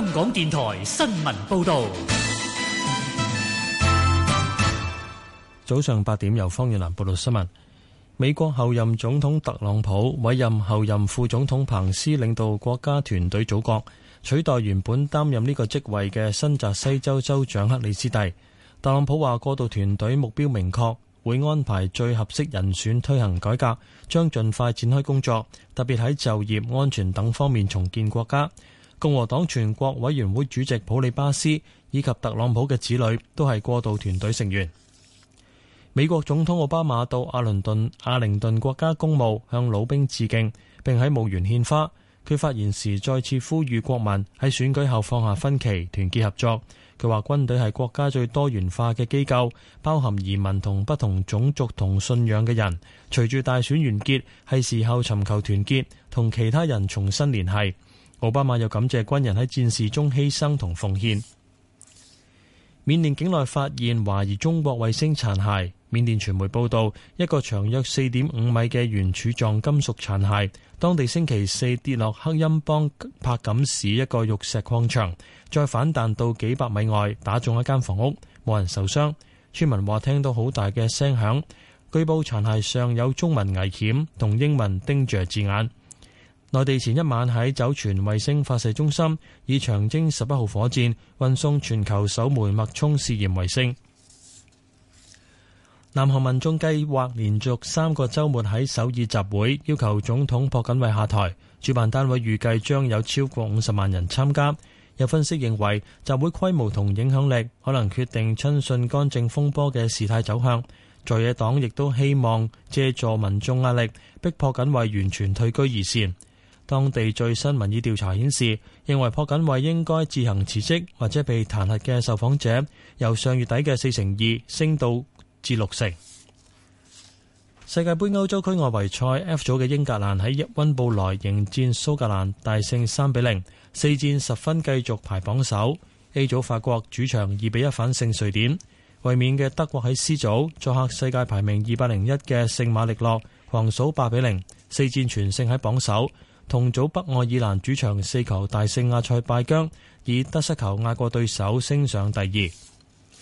香港電台新聞報道：早上八點，由方遠蘭報道新聞。美國候任總統特朗普委任候任副總統彭斯領導國家團隊組閣，取代原本擔任呢個職位嘅新澤西州州長克里斯蒂。特朗普話：過渡團隊目標明確，會安排最合適人選推行改革，將盡快展開工作，特別喺就業、安全等方面重建國家。共和黨全國委員會主席普里巴斯以及特朗普嘅子女都係過渡團隊成員。美國總統奧巴馬到阿靈頓阿靈頓國家公墓向老兵致敬，並喺墓園獻花。佢發言時再次呼籲國民喺選舉後放下分歧，團結合作。佢話軍隊係國家最多元化嘅機構，包含移民同不同種族同信仰嘅人。隨住大選完結，係時候尋求團結，同其他人重新聯繫。奧巴馬又感謝軍人喺戰事中犧牲同奉獻。緬甸境內發現懷疑中國衛星殘骸。緬甸傳媒報道，一個長約四點五米嘅圓柱狀金屬殘骸，當地星期四跌落克欽邦柏錦市一個玉石礦場，再反彈到幾百米外打中一間房屋，冇人受傷。村民話聽到好大嘅聲響，據報殘骸上有中文危險同英文盯着字眼。內地前一晚喺酒泉衛星發射中心以長征十一號火箭運送全球首枚脈衝試驗衛星。南韓民眾計劃連續三個周末喺首爾集會，要求總統朴槿惠下台。主辦單位預計將有超過五十萬人參加。有分析認為，集會規模同影響力可能決定親信干政風波嘅事態走向。在野黨亦都希望借助民眾壓力，逼迫朴槿惠完全退居二線。當地最新民意調查顯示，認為朴槿惠應該自行辭職或者被彈劾嘅受訪者，由上月底嘅四成二升到至六成。世界盃歐洲區外圍賽 F 組嘅英格蘭喺温布萊迎戰蘇格蘭，大勝三比零，0, 四戰十分，繼續排榜首。A 組法國主場二比一反勝瑞典，衛冕嘅德國喺 C 組作客世界排名二百零一嘅聖馬力諾，狂掃八比零，0, 四戰全勝喺榜首。同組北愛爾蘭主場四球大勝阿塞拜疆，以得失球壓過對手升上第二。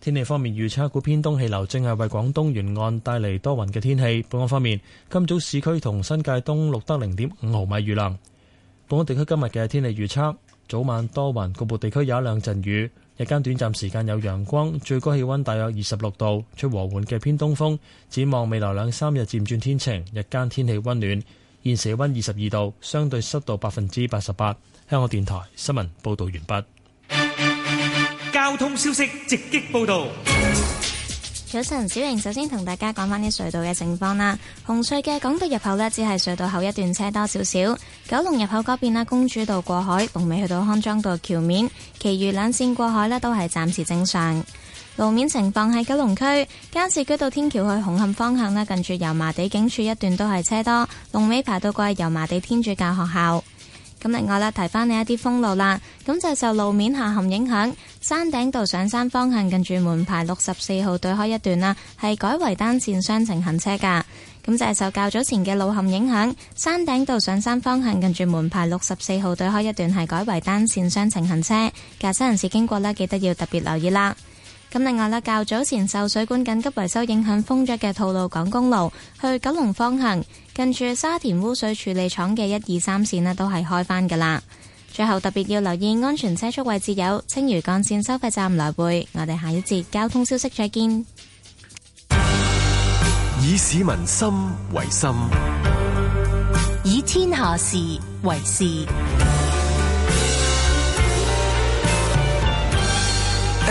天氣方面，預測股偏東氣流正係為廣東沿岸帶嚟多雲嘅天氣。本港方面，今早市區同新界東錄得零點五毫米雨量。本港地區今日嘅天氣預測：早晚多雲，局部地區有一兩陣雨；日間短暫時間有陽光，最高氣溫大約二十六度，吹和緩嘅偏東風。展望未來兩三日漸轉天晴，日間天氣溫暖。現時溫二十二度，相對濕度百分之八十八。香港電台新聞報道完畢。交通消息直擊報道。早晨，小瑩首先同大家講翻啲隧道嘅情況啦。紅隧嘅港島入口呢，只係隧道後一段車多少少。九龍入口嗰邊啦，公主道過海，龍尾去到康莊道橋面，其餘兩線過海呢，都係暫時正常。路面情況喺九龍區，加士居道天橋去紅磡方向咧，近住油麻地警署一段都係車多，龍尾排到過油麻地天主教學校。咁另外咧，提翻你一啲封路啦。咁就係、是、受路面下陷影響，山頂道上山方向近住門牌六十四號對開一段啦，係改為單線雙程行車噶。咁就係、是、受較早前嘅路陷影響，山頂道上山方向近住門牌六十四號對開一段係改為單線雙程行車，駕駛人士經過呢，記得要特別留意啦。咁另外啦，較早前受水管緊急維修影響封咗嘅吐露港公路去九龍方向，近住沙田污水處理廠嘅一、二、三線咧都係開翻噶啦最後特別要留意安全車速位置有青嶼幹線收費站來回。我哋下一節交通消息再見。以市民心為心，以天下事為事。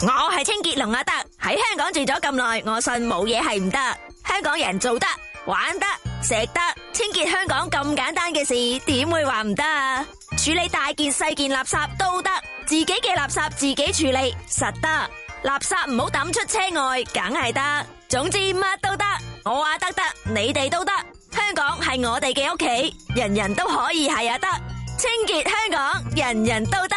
我係清潔龍阿德，喺香港住咗咁耐，我信冇嘢係唔得。香港人做得、玩得、食得，清潔香港咁簡單嘅事，點會話唔得啊？處理大件、細件垃圾都得，自己嘅垃圾自己處理，實得。垃圾唔好抌出車外，梗係得。總之乜都得，我話得得，你哋都得。香港係我哋嘅屋企，人人都可以係阿德，清潔香港，人人都得。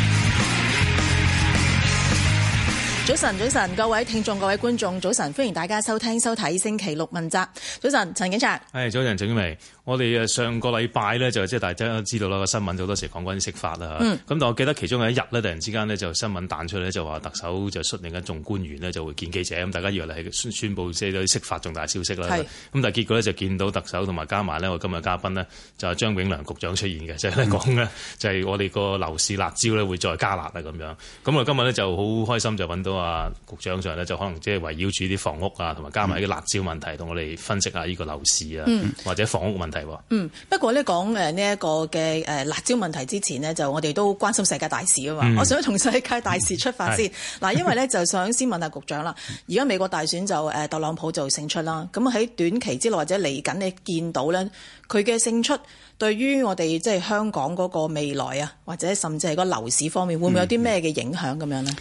早晨，早晨，各位聽眾，各位觀眾，早晨，歡迎大家收聽收睇星期六問責。早晨，陳景祥。誒，早晨，陳曉我哋上個禮拜咧就即係大家知道啦個新聞好多時講關於釋法啦咁、嗯、但我記得其中有一日咧突然之間咧就新聞彈出咧就話特首就率領一眾官員咧就會見記者，咁大家以為係宣佈即係啲釋法重大消息啦，咁是但係結果咧就見到特首同埋加埋呢我今日嘉賓呢，就係、是、張炳良局長出現嘅，即係講呢，就係、是、我哋個樓市辣招咧會再加辣啦咁樣，咁啊今日咧就好開心就揾到啊局長上就可能即係圍繞住啲房屋啊同埋加埋啲辣招問題同我哋分析下呢個樓市啊、嗯、或者房屋問題。嗯，不過咧講誒呢一個嘅誒辣椒問題之前呢，就我哋都關心世界大事啊嘛。嗯、我想從世界大事出發先嗱，是因為咧就想先問下局長啦。而家美國大選就誒特朗普就勝出啦。咁喺短期之內或者嚟緊你見到咧，佢嘅勝出對於我哋即係香港嗰個未來啊，或者甚至係個樓市方面，會唔會有啲咩嘅影響咁樣呢？誒、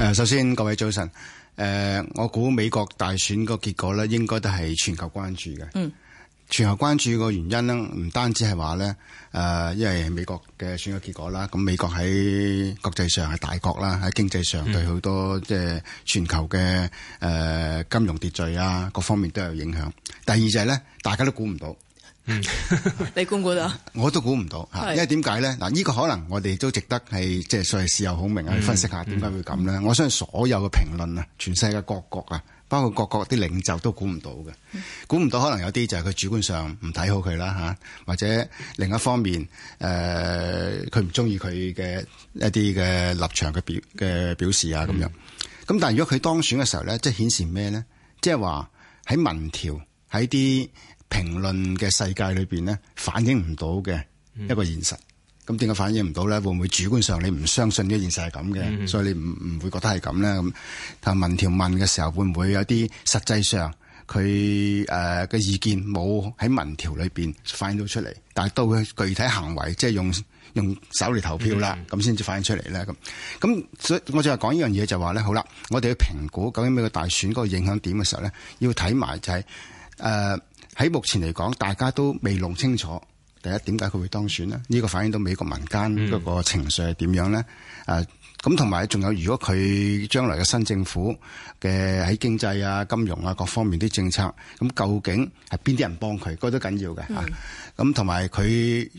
嗯嗯，首先各位早晨。誒、呃，我估美國大選個結果咧，應該都係全球關注嘅。嗯。全球關注個原因咧，唔單止係話咧，誒，因為美國嘅選舉結果啦，咁美國喺國際上係大國啦，喺經濟上對好多即係全球嘅金融秩序啊各方面都有影響。第二就係、是、咧，大家都估唔到， 你估唔估到？我都估唔到，因為點解咧？嗱，呢個可能我哋都值得係即係所謂事後孔明去分析下點解會咁咧。 我相信所有嘅評論啊，全世界各國啊。包括各國啲領袖都估唔到嘅，估唔到可能有啲就係佢主觀上唔睇好佢啦吓或者另一方面誒佢唔鍾意佢嘅一啲嘅立場嘅表嘅表示啊咁樣。咁、嗯、但係如果佢當選嘅時候咧，即係顯示咩咧？即係話喺民調喺啲評論嘅世界裏邊咧，反映唔到嘅一個現實。咁點解反映唔到咧？會唔會主觀上你唔相信呢件事係咁嘅，mm hmm. 所以你唔唔會覺得係咁咧？咁但係民調問嘅時候，會唔會有啲實際上佢誒嘅意見冇喺民調裏面反映到出嚟，但係到佢具體行為，即係用用手嚟投票啦，咁先至反映出嚟咧。咁咁，所以我就係講呢樣嘢，就話咧，好啦，我哋去評估究竟美國大選嗰個影響點嘅時候咧，要睇埋就係誒喺目前嚟講，大家都未弄清楚。第一點解佢會當選呢？呢個反映到美國民間嗰個情緒係點樣呢？啊、嗯，咁同埋仲有，如果佢將來嘅新政府嘅喺經濟啊、金融啊各方面啲政策，咁究竟係邊啲人幫佢？嗰都緊要嘅嚇。咁同埋佢，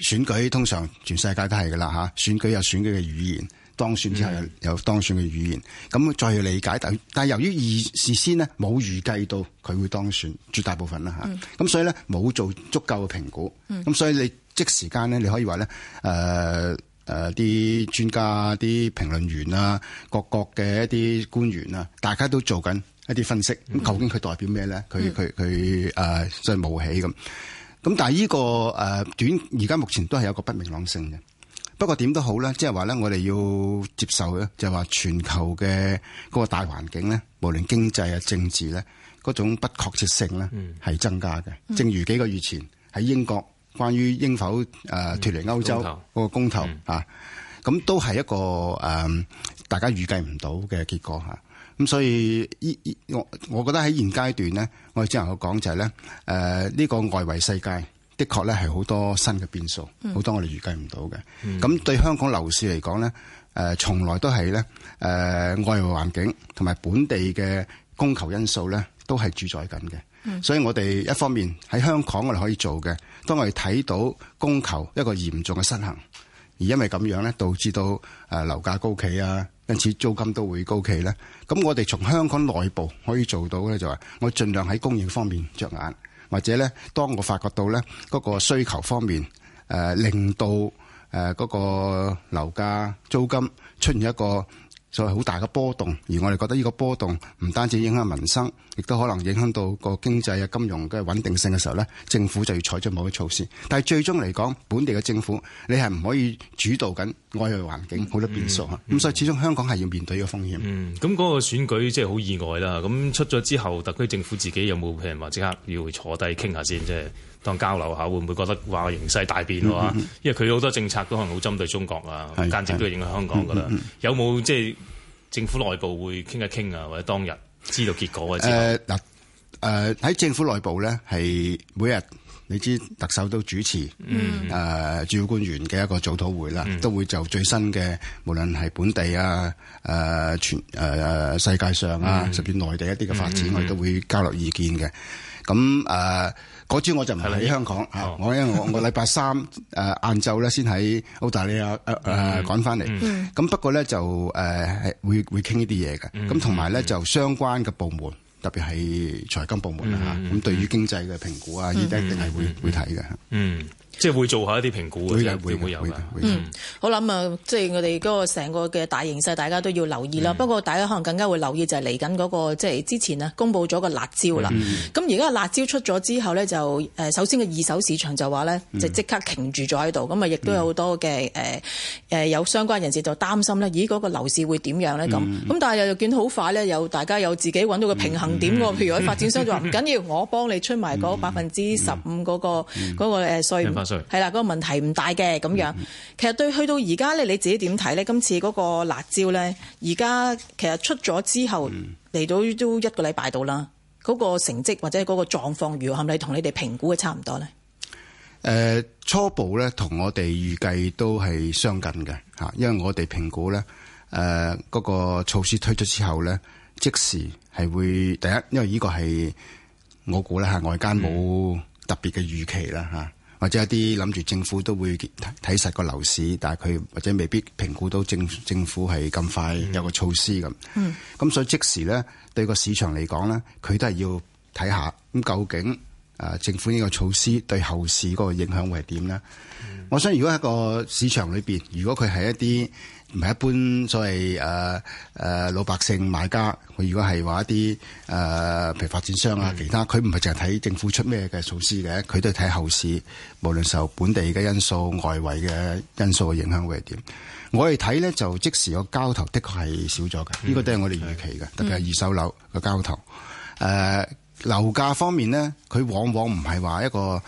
選舉通常全世界都係噶啦嚇，選舉有選舉嘅語言。當選之後有當選嘅語言，咁再去理解。但但由於事事先咧冇預計到佢會當選，絕大部分啦嚇。咁所以咧冇做足夠嘅評估。咁所以你即時間咧，你可以話咧誒誒啲專家、啲評論員啊，各國嘅一啲官員啊，大家都做緊一啲分析。咁究竟佢代表咩咧？佢佢佢誒在冒起咁。咁但係呢個誒短而家目前都係有個不明朗性嘅。不過點都好啦，即係話咧，我哋要接受嘅就係話全球嘅嗰個大環境咧，無論經濟啊、政治咧，嗰種不確切性咧係增加嘅。正如幾個月前喺英國關於應否誒脫離歐洲嗰個公投啊，咁都係一個誒大家預計唔到嘅結果吓。咁所以依依我我覺得喺現階段咧，我哋之前我講就係咧，誒呢個外圍世界。的確咧係好多新嘅變數，好多我哋預計唔到嘅。咁對香港樓市嚟講咧，誒從來都係咧，誒外圍環境同埋本地嘅供求因素咧都係主宰緊嘅。所以我哋一方面喺香港我哋可以做嘅，當我哋睇到供求一個嚴重嘅失衡，而因為咁樣咧導致到誒樓價高企啊，因此租金都會高企咧。咁我哋從香港內部可以做到咧就係我盡量喺供應方面着眼。或者呢，當我發覺到呢嗰個需求方面，誒令到誒嗰個樓價租金出現一個所謂好大嘅波動，而我哋覺得呢個波動唔單止影響民生，亦都可能影響到個經濟啊、金融嘅穩定性嘅時候咧，政府就要採取某啲措施。但係最終嚟講，本地嘅政府你係唔可以主導緊外在環境好多變數啊。咁、嗯嗯、所以始終香港係要面對呢個風險。咁嗰、嗯嗰個選舉即係好意外啦。咁出咗之後，特區政府自己有冇譬如話即刻要坐低傾下先，即係？當交流下，會唔會覺得話形勢大變話，嗯嗯、因為佢好多政策都可能好針對中國啊，是間接都影響香港㗎喇。嗯嗯、有冇即、就是、政府內部會傾一傾啊？或者當日知道結果啊？誒嗱喺政府內部咧，係每日你知特首都主持誒、嗯呃、主要官員嘅一個早會啦，嗯、都會就最新嘅無論係本地啊誒、呃、全、呃、世界上啊，嗯、甚至內地一啲嘅發展，我哋、嗯、都會交流意見嘅。咁誒嗰招我就唔喺香港，的我因為我我禮拜三誒晏晝咧先喺澳大利亞誒、呃嗯、趕翻嚟，咁、嗯、不過咧就誒、呃、會會傾、嗯、呢啲嘢嘅，咁同埋咧就相關嘅部門，特別係財金部門啊，咁、嗯嗯、對於經濟嘅評估啊，呢啲、嗯、一定係會、嗯、會睇嘅。嗯即係會做下一啲評估嘅，會會會有嘅。嗯，好諗啊，即係我哋嗰個成個嘅大形勢，大家都要留意啦。不過，大家可能更加會留意就係嚟緊嗰個，即係之前啊，公布咗個辣椒啦。咁而家辣椒出咗之後呢，就首先個二手市場就話呢，就即刻停住咗喺度。咁啊，亦都有好多嘅誒有相關人士就擔心呢，咦嗰個樓市會點樣呢？咁？咁但係又見到好快呢，有大家有自己揾到個平衡點喎。譬如喺發展商就話唔緊要，我幫你出埋嗰百分之十五嗰個嗰稅。係啦，嗰、那個問題唔大嘅咁樣。其實對去到而家咧，你自己點睇咧？今次嗰個辣招咧，而家其實出咗之後嚟到、嗯、都一個禮拜到啦。嗰、那個成績或者嗰個狀況如何，係咪同你哋評估嘅差唔多咧？誒、呃，初步咧同我哋預計都係相近嘅嚇，因為我哋評估咧誒嗰個措施推出之後咧，即時係會第一，因為呢個係我估咧嚇外間冇特別嘅預期啦嚇。嗯或者一啲諗住政府都會睇實個樓市，但係佢或者未必評估到政政府係咁快有個措施咁。嗯，咁所以即時咧對個市場嚟講咧，佢都係要睇下咁究竟啊、呃、政府呢個措施對後市嗰個影響會係點咧？嗯、我想如果喺個市場裏邊，如果佢係一啲。唔係一般所謂誒誒、呃呃、老百姓買家，佢如果係話一啲誒、呃、譬如發展商啊，其他佢唔係淨係睇政府出咩嘅措施嘅，佢都係睇後市，無論受本地嘅因素、外圍嘅因素嘅影響會係點。我哋睇咧就即時個交投的確係少咗嘅，呢個都係我哋預期嘅，嗯、特別係二手樓個交投。誒、呃、樓價方面咧，佢往往唔係話一個。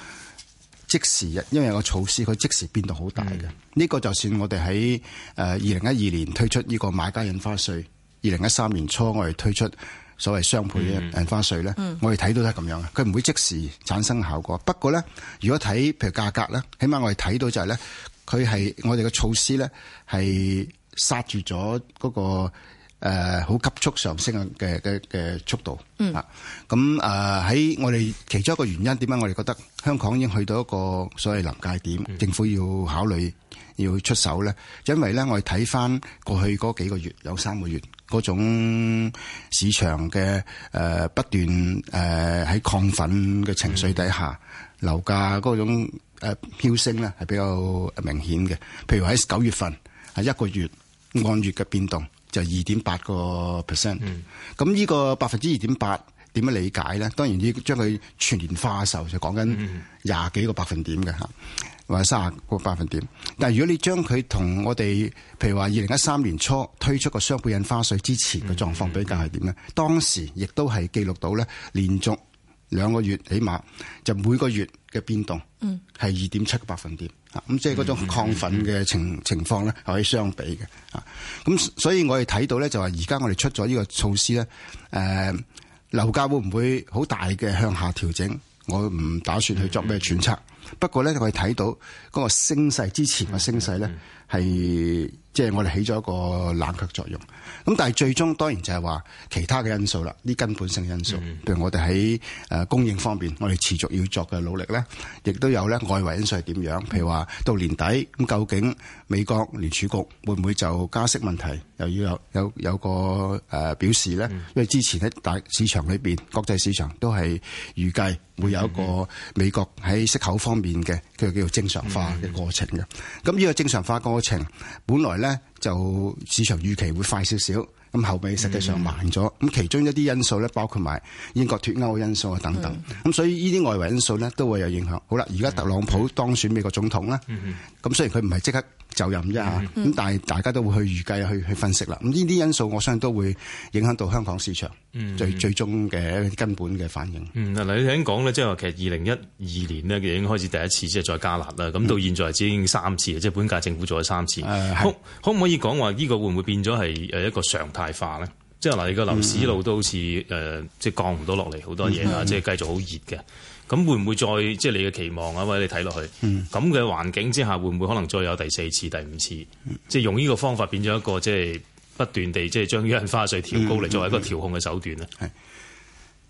即時，因為有個措施佢即時變到好大嘅。呢、嗯、個就算我哋喺誒二零一二年推出呢個買家印花稅，二零一三年初我哋推出所謂雙倍嘅印花稅咧，嗯、我哋睇到都係咁樣嘅。佢唔會即時產生效果。不過咧，如果睇譬如價格咧，起碼我哋睇到就係、是、咧，佢係我哋嘅措施咧係殺住咗嗰個誒好急速上升嘅嘅嘅速度啊！咁誒喺我哋其中一個原因點解我哋覺得香港已經去到一個所謂臨界點，政府要考慮要出手咧？因為咧，我哋睇翻過去嗰幾個月，有三個月嗰種市場嘅誒不斷誒喺亢奮嘅情緒底下，樓價嗰種誒飆升咧係比較明顯嘅。譬如喺九月份，係一個月按月嘅變動。就二點八個 percent，咁呢個百分之二點八點樣理解咧？當然，你將佢全年化嘅時候就講緊廿幾個百分點嘅嚇，或者卅個百分點。但係如果你將佢同我哋，譬如話二零一三年初推出個雙倍印花稅之前嘅狀況比較係點咧？當時亦都係記錄到咧，連續兩個月，起碼就每個月嘅變動係二點七個百分點。咁即係嗰種亢奮嘅情情況咧，可以相比嘅。啊，咁所以我哋睇到咧，就話而家我哋出咗呢個措施咧，誒樓價會唔會好大嘅向下調整？我唔打算去作咩揣測。不過咧，我哋睇到嗰個升勢之前嘅升勢咧。係即係我哋起咗一個冷卻作用，咁但係最終當然就係話其他嘅因素啦，啲根本性因素，譬如我哋喺誒供應方面，我哋持續要作嘅努力咧，亦都有咧外圍因素係點樣？譬如話到年底咁，究竟美國聯儲局會唔會就加息問題又要有有有個誒表示咧？因為之前喺大市場裏邊國際市場都係預計會有一個美國喺息口方面嘅。佢叫做正常化嘅過程嘅，咁呢、嗯、個正常化過程，本來呢就市場預期會快少少，咁後尾實際上慢咗，咁、嗯、其中一啲因素呢，包括埋英國脫歐嘅因素啊等等，咁、嗯、所以呢啲外圍因素呢都會有影響。好啦，而家特朗普當選美國總統啦，咁、嗯、雖然佢唔係即刻，就任一下，咁但係大家都會去預計、去去分析啦。咁呢啲因素，我相信都會影響到香港市場最、嗯、最終嘅根本嘅反應。嗯，嗱，你聽講咧，即係話其實二零一二年呢已經開始第一次即係再加辣啦。咁到現在已經三次，嗯、即係本屆政府做咗三次。可唔、嗯、可以講話呢個會唔會變咗係誒一個常態化咧？即係嗱，你個樓市路都好似誒，嗯嗯、即係降唔到落嚟，好多嘢啊，即係繼續好熱嘅。咁會唔會再即係、就是、你嘅期望啊？或者你睇落去咁嘅、嗯、環境之下，會唔會可能再有第四次、第五次？嗯、即係用呢個方法變咗一個即係、就是、不斷地即係將印花稅調高嚟、嗯嗯、作為一個調控嘅手段呢、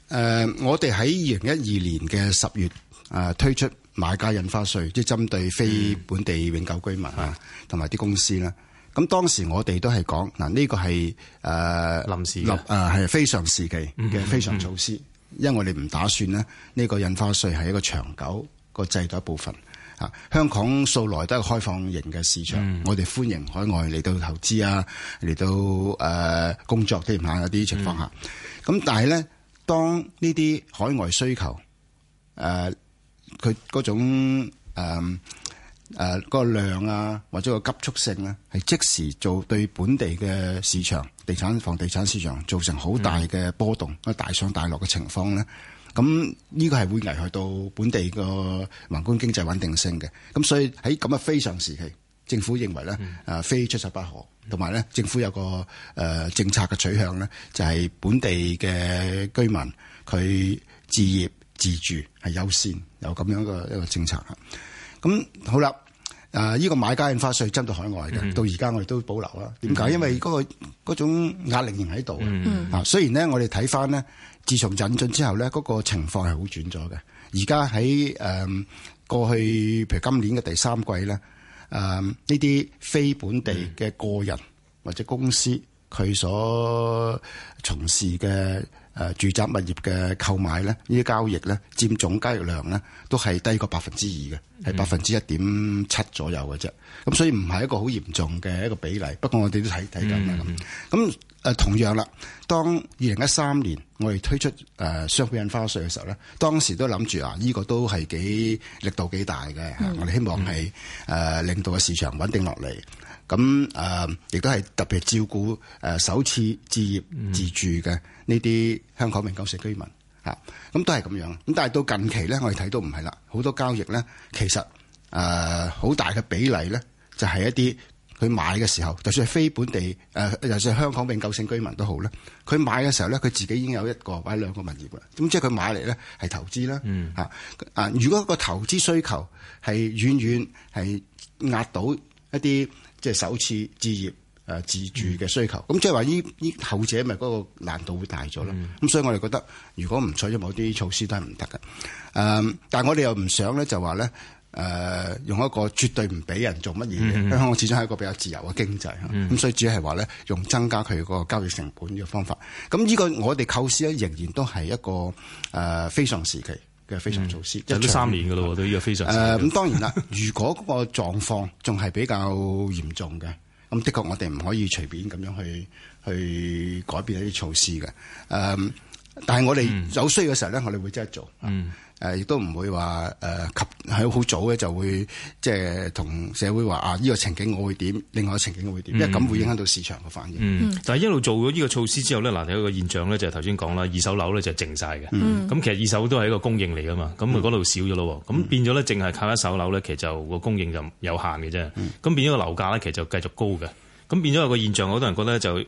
呃、我哋喺二零一二年嘅十月、呃、推出買家印花稅，即係針對非本地永久居民、嗯、啊，同埋啲公司啦。咁當時我哋都係講嗱，呢、呃呢個係、呃、臨時，係、呃、非常時期嘅非常措施。嗯嗯嗯因為我哋唔打算呢呢、呢個印花稅係一個長久個制度一部分。香港素來都係開放型嘅市場，嗯、我哋歡迎海外嚟到投資啊，嚟到、呃、工作添下嗰啲情況下。咁、嗯、但係咧，當呢啲海外需求誒，佢、呃、嗰種、呃呃嗰個、量啊，或者個急速性咧、啊，係即時做對本地嘅市場。地產房地產市場造成好大嘅波動，啊、嗯、大上大落嘅情況咧，咁呢個係會危害到本地個宏觀經濟穩定性嘅。咁所以喺咁嘅非常時期，政府認為咧，啊非出手不可，同埋咧政府有個誒、呃、政策嘅取向咧，就係、是、本地嘅居民佢置業自住係優先，有咁樣個一個政策啦。咁好啦。啊！呢、這個買家印花稅真到海外嘅，到而家我哋都保留啦。點解？因為嗰、那個嗰種壓力仍喺度啊。雖然咧，我哋睇返咧，自從引進之後咧，嗰、那個情況係好轉咗嘅。而家喺誒過去譬如今年嘅第三季咧，誒呢啲非本地嘅個人或者公司佢所從事嘅。誒、呃、住宅物業嘅購買咧，呢啲交易咧，佔總交易量咧，都係低過百分之二嘅，係百分之一點七左右嘅啫。咁所以唔係一個好嚴重嘅一個比例。不過我哋都睇睇緊啦咁。咁、嗯嗯呃、同樣啦，當二零一三年我哋推出誒雙倍印花稅嘅時候咧，當時都諗住啊，呢、這個都係幾力度幾大嘅。我哋希望係誒、呃、令到個市場穩定落嚟。咁誒、呃、亦都係特別照顧誒、呃、首次置業自住嘅。嗯呢啲香港永久性居民吓，咁都係咁樣。咁但係到近期咧，我哋睇到唔係啦。好多交易咧，其實誒好、呃、大嘅比例咧，就係一啲佢買嘅時候，就算係非本地誒、呃，就算係香港永久性居民都好啦，佢買嘅時候咧，佢自己已經有一個或者兩個物業啦。咁即係佢買嚟咧係投資啦吓，啊、嗯，如果個投資需求係遠遠係壓到一啲即係首次置業。誒自住嘅需求，咁即係話呢依後者，咪嗰個難度會大咗啦。咁、嗯、所以我哋覺得，如果唔採取某啲措施都不，都係唔得嘅。誒，但係我哋又唔想咧，就話咧，誒、呃，用一個絕對唔俾人做乜嘢。香港、嗯、始終係一個比較自由嘅經濟，咁、嗯、所以主要係話咧，用增加佢個交易成本嘅方法。咁呢個我哋構思咧，仍然都係一個誒、呃、非常時期嘅非常措施，有啲、嗯、場三年嘅咯，我對呢個非常誒。咁、呃、當然啦， 如果嗰個狀況仲係比較嚴重嘅。咁的確，我哋唔可以隨便咁樣去去改變一啲措施嘅，um 但係我哋有需要嘅時候咧，嗯、我哋會即刻做，誒亦都唔會話誒、呃、及喺好、啊、早嘅就會即係同社會話啊，呢、呢個情景我會點，另外一個情景我會點，嗯、因為咁會影響到市場嘅反應。嗯嗯、但係一路做咗呢個措施之後呢，嗱，有一個現象呢，就係頭先講啦，二手樓呢就靜晒嘅。嗯，咁其實二手都係一個供應嚟噶嘛，咁佢嗰度少咗咯，咁、嗯、變咗呢，淨係靠一手樓呢，其實就個供應就有限嘅啫。嗯，咁變咗個樓價呢，其實就繼續高嘅。咁變咗有個現象，好多人覺得就。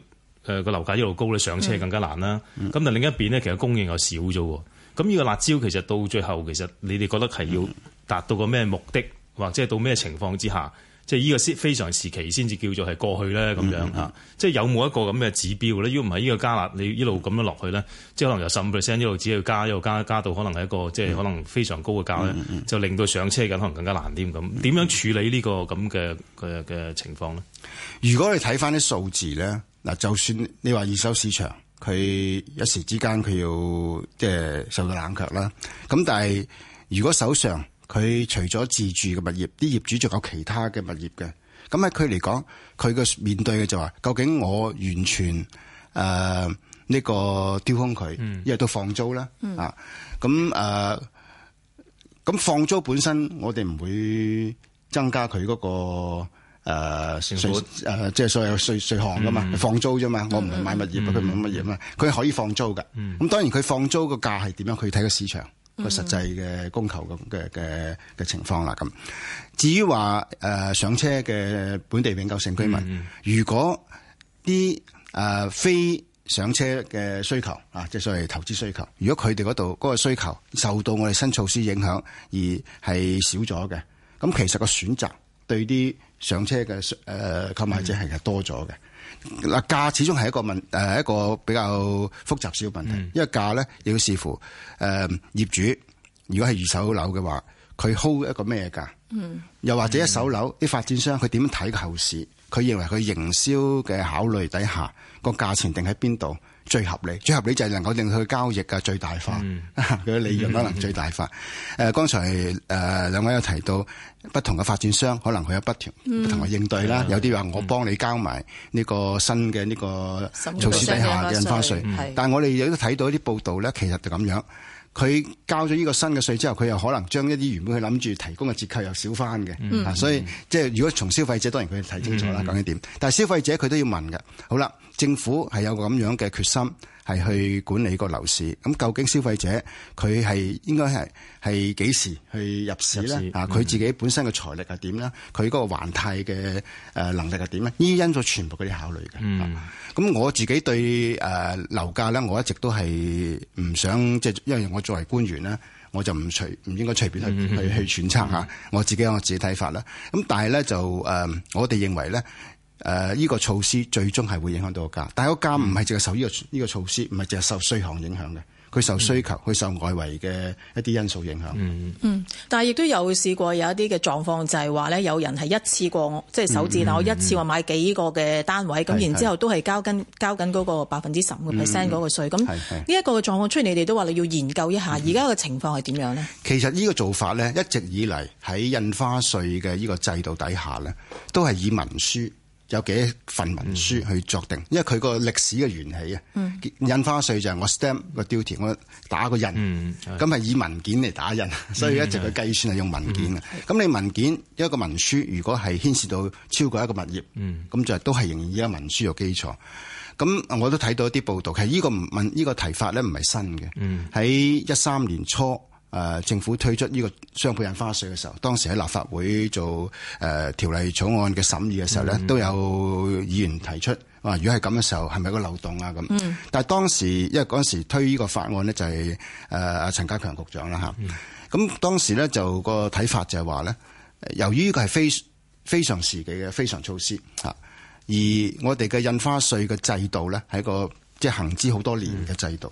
誒個樓價一路高咧，上車更加難啦。咁、嗯、但另一邊咧，其實供應又少咗喎。咁呢個辣椒其實到最後，其實你哋覺得係要達到個咩目的？嗯、或者到咩情況之下，即係呢個非常時期先至叫做係過去咧？咁、嗯嗯、樣、嗯嗯、即係有冇一個咁嘅指標咧？如果唔係呢個加辣，你一路咁樣落去咧，即係可能由十五 percent 一路只要加一路加加到可能係一個即係、就是、可能非常高嘅價咧，嗯嗯嗯、就令到上車緊可能更加難啲咁。點、嗯嗯、樣處理呢個咁嘅嘅嘅情況咧？如果你睇翻啲數字咧。嗱，就算你話二手市場，佢一時之間佢要即係受到冷卻啦。咁但係如果手上佢除咗自住嘅物業，啲業主仲有其他嘅物業嘅，咁喺佢嚟講，佢嘅面對嘅就話究竟我完全誒呢、呃這個丟空佢，空嗯、因為都放租啦。嗯、啊，咁誒，咁、呃、放租本身我哋唔會增加佢嗰、那個。誒，稅誒、呃，即係、呃、所謂稅稅項噶嘛，嗯、放租啫嘛，我唔係買物業，佢唔、嗯嗯、買物業嘛，佢可以放租嘅。咁、嗯、當然佢放租個價係點樣，佢睇個市場個、嗯、實際嘅供求嘅嘅嘅情況啦。咁至於話誒上車嘅本地永久性居民，嗯、如果啲誒、呃、非上車嘅需求啊，即係所謂投資需求，如果佢哋嗰度嗰個需求受到我哋新措施影響而係少咗嘅，咁其實個選擇。對啲上車嘅誒、呃、購買者係多咗嘅。嗱，價始終係一個問、呃、一個比較複雜小嘅問題，因為價咧要視乎誒、呃、業主，如果係二手樓嘅話，佢 hold 一個咩價？嗯，又或者一手樓啲、嗯、發展商佢點樣睇後市？佢認為佢營銷嘅考慮底下個價錢定喺邊度？最合理，最合理就係能夠令佢交易嘅最大化，佢嘅利潤可能最大化。誒、嗯呃，剛才誒、呃、兩位有提到不同嘅發展商，可能佢有不條、嗯、不同嘅應對啦。的有啲話我幫你交埋呢個新嘅呢、嗯、個措施底下印花稅，稅但我哋亦都睇到一啲報道咧，其實就咁樣。佢的交咗呢個新嘅稅之後，佢又可能將一啲原本佢諗住提供嘅折扣又少翻嘅、嗯啊。所以即係如果從消費者，當然佢要睇清楚啦，講、嗯、竟點。但係消費者佢都要問嘅。好啦。政府係有個咁樣嘅決心，係去管理個樓市。咁究竟消費者佢係應該係係幾時去入市咧？啊市，佢自己本身嘅財力係點咧？佢嗰、嗯、個還貸嘅能力係點咧？呢啲因素全部嗰啲考慮嘅。咁、嗯嗯、我自己對誒、呃、樓價咧，我一直都係唔想即係，因為我作為官員咧，我就唔隨唔應該隨便去、嗯、去去揣測嚇、嗯。我自己有我自己睇法啦。咁但係咧就誒、呃，我哋認為咧。誒，依、呃，這個措施最終係會影響到個價，但係個價唔係淨係受呢、這個依、嗯、個措施，唔係淨係受稅項影響嘅。佢受需求，佢、嗯、受外圍嘅一啲因素影響。嗯，嗯但係亦都有試過有一啲嘅狀況，就係話咧，有人係一次過即係、就是、手指但我、嗯嗯、一次過買幾個嘅單位咁，嗯、然之後都係交跟交緊嗰個百分之十五個 percent 嗰個稅，咁呢一個嘅狀況，出現你哋都話你要研究一下，而家嘅情況係點樣呢？嗯嗯、其實呢個做法呢，一直以嚟喺印花稅嘅呢個制度底下呢，都係以文書。有幾份文書去作定，因為佢個歷史嘅緣起啊，嗯、印花稅就係我 stamp duty、嗯，我打個印，咁係、嗯、以文件嚟打印，嗯、所以一直去計算係用文件嘅。咁、嗯、你文件一個文書，如果係牽涉到超過一個物業，咁、嗯、就都係仍然以文書嘅基礎。咁我都睇到一啲報道，其實呢、這個問呢、這個提法咧唔係新嘅，喺一三年初。誒、啊、政府推出呢個雙倍印花稅嘅時候，當時喺立法會做誒、呃、條例草案嘅審議嘅時候咧，mm hmm. 都有議員提出話、啊，如果係咁嘅時候，係咪個個漏洞啊？咁、mm。Hmm. 但係當時因為嗰陣時推呢個法案呢，就係誒阿陳家強局長啦嚇。咁、mm hmm. 啊、當時咧就個睇法就係話咧，由於呢個係非非常時期嘅非常措施、啊、而我哋嘅印花稅嘅制度咧係一個即係、就是、行之好多年嘅制度，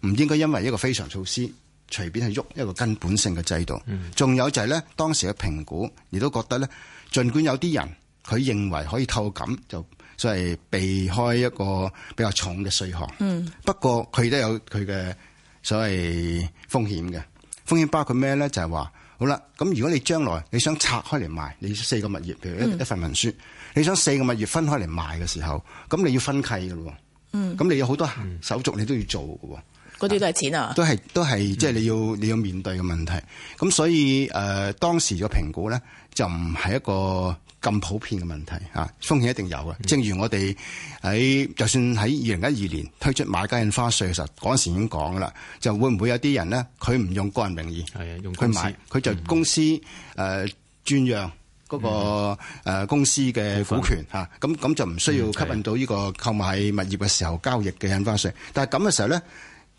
唔、mm hmm. 應該因為一個非常措施。隨便去喐一個根本性嘅制度，仲有就係咧當時嘅評估，亦都覺得咧，儘管有啲人佢認為可以透咁，就所謂避開一個比較重嘅稅項。嗯、不過佢都有佢嘅所謂風險嘅風險，包括咩咧？就係、是、話好啦，咁如果你將來你想拆開嚟賣你四個物業，譬如一、嗯、一份文書，你想四個物業分開嚟賣嘅時候，咁你要分契嘅咯。咁、嗯、你有好多手續你都要做嘅喎。嗰啲都係錢啊！啊都係都係即係你要你要面對嘅問題。咁、嗯、所以誒、呃，當時嘅評估咧，就唔係一個咁普遍嘅問題嚇、啊。風險一定有嘅。嗯、正如我哋喺就算喺二零一二年推出買家印花稅嘅時候，嗰時已經講噶啦，就會唔會有啲人咧，佢唔用個人名義，係啊，用佢買就公司誒轉、嗯呃、讓嗰、那個、嗯呃、公司嘅股權嚇。咁、啊、咁就唔需要吸引到呢個購買物業嘅時候交易嘅印花稅。嗯、但係咁嘅時候咧。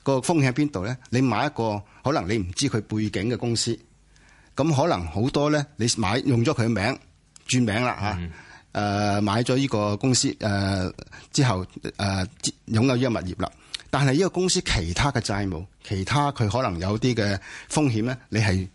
個風險喺邊度咧？你買一個可能你唔知佢背景嘅公司，咁可能好多咧，你買用咗佢名轉名啦嚇，誒、嗯、買咗依個公司誒、呃、之後誒、呃、擁有呢個物業啦，但係呢個公司其他嘅債務，其他佢可能有啲嘅風險咧，你係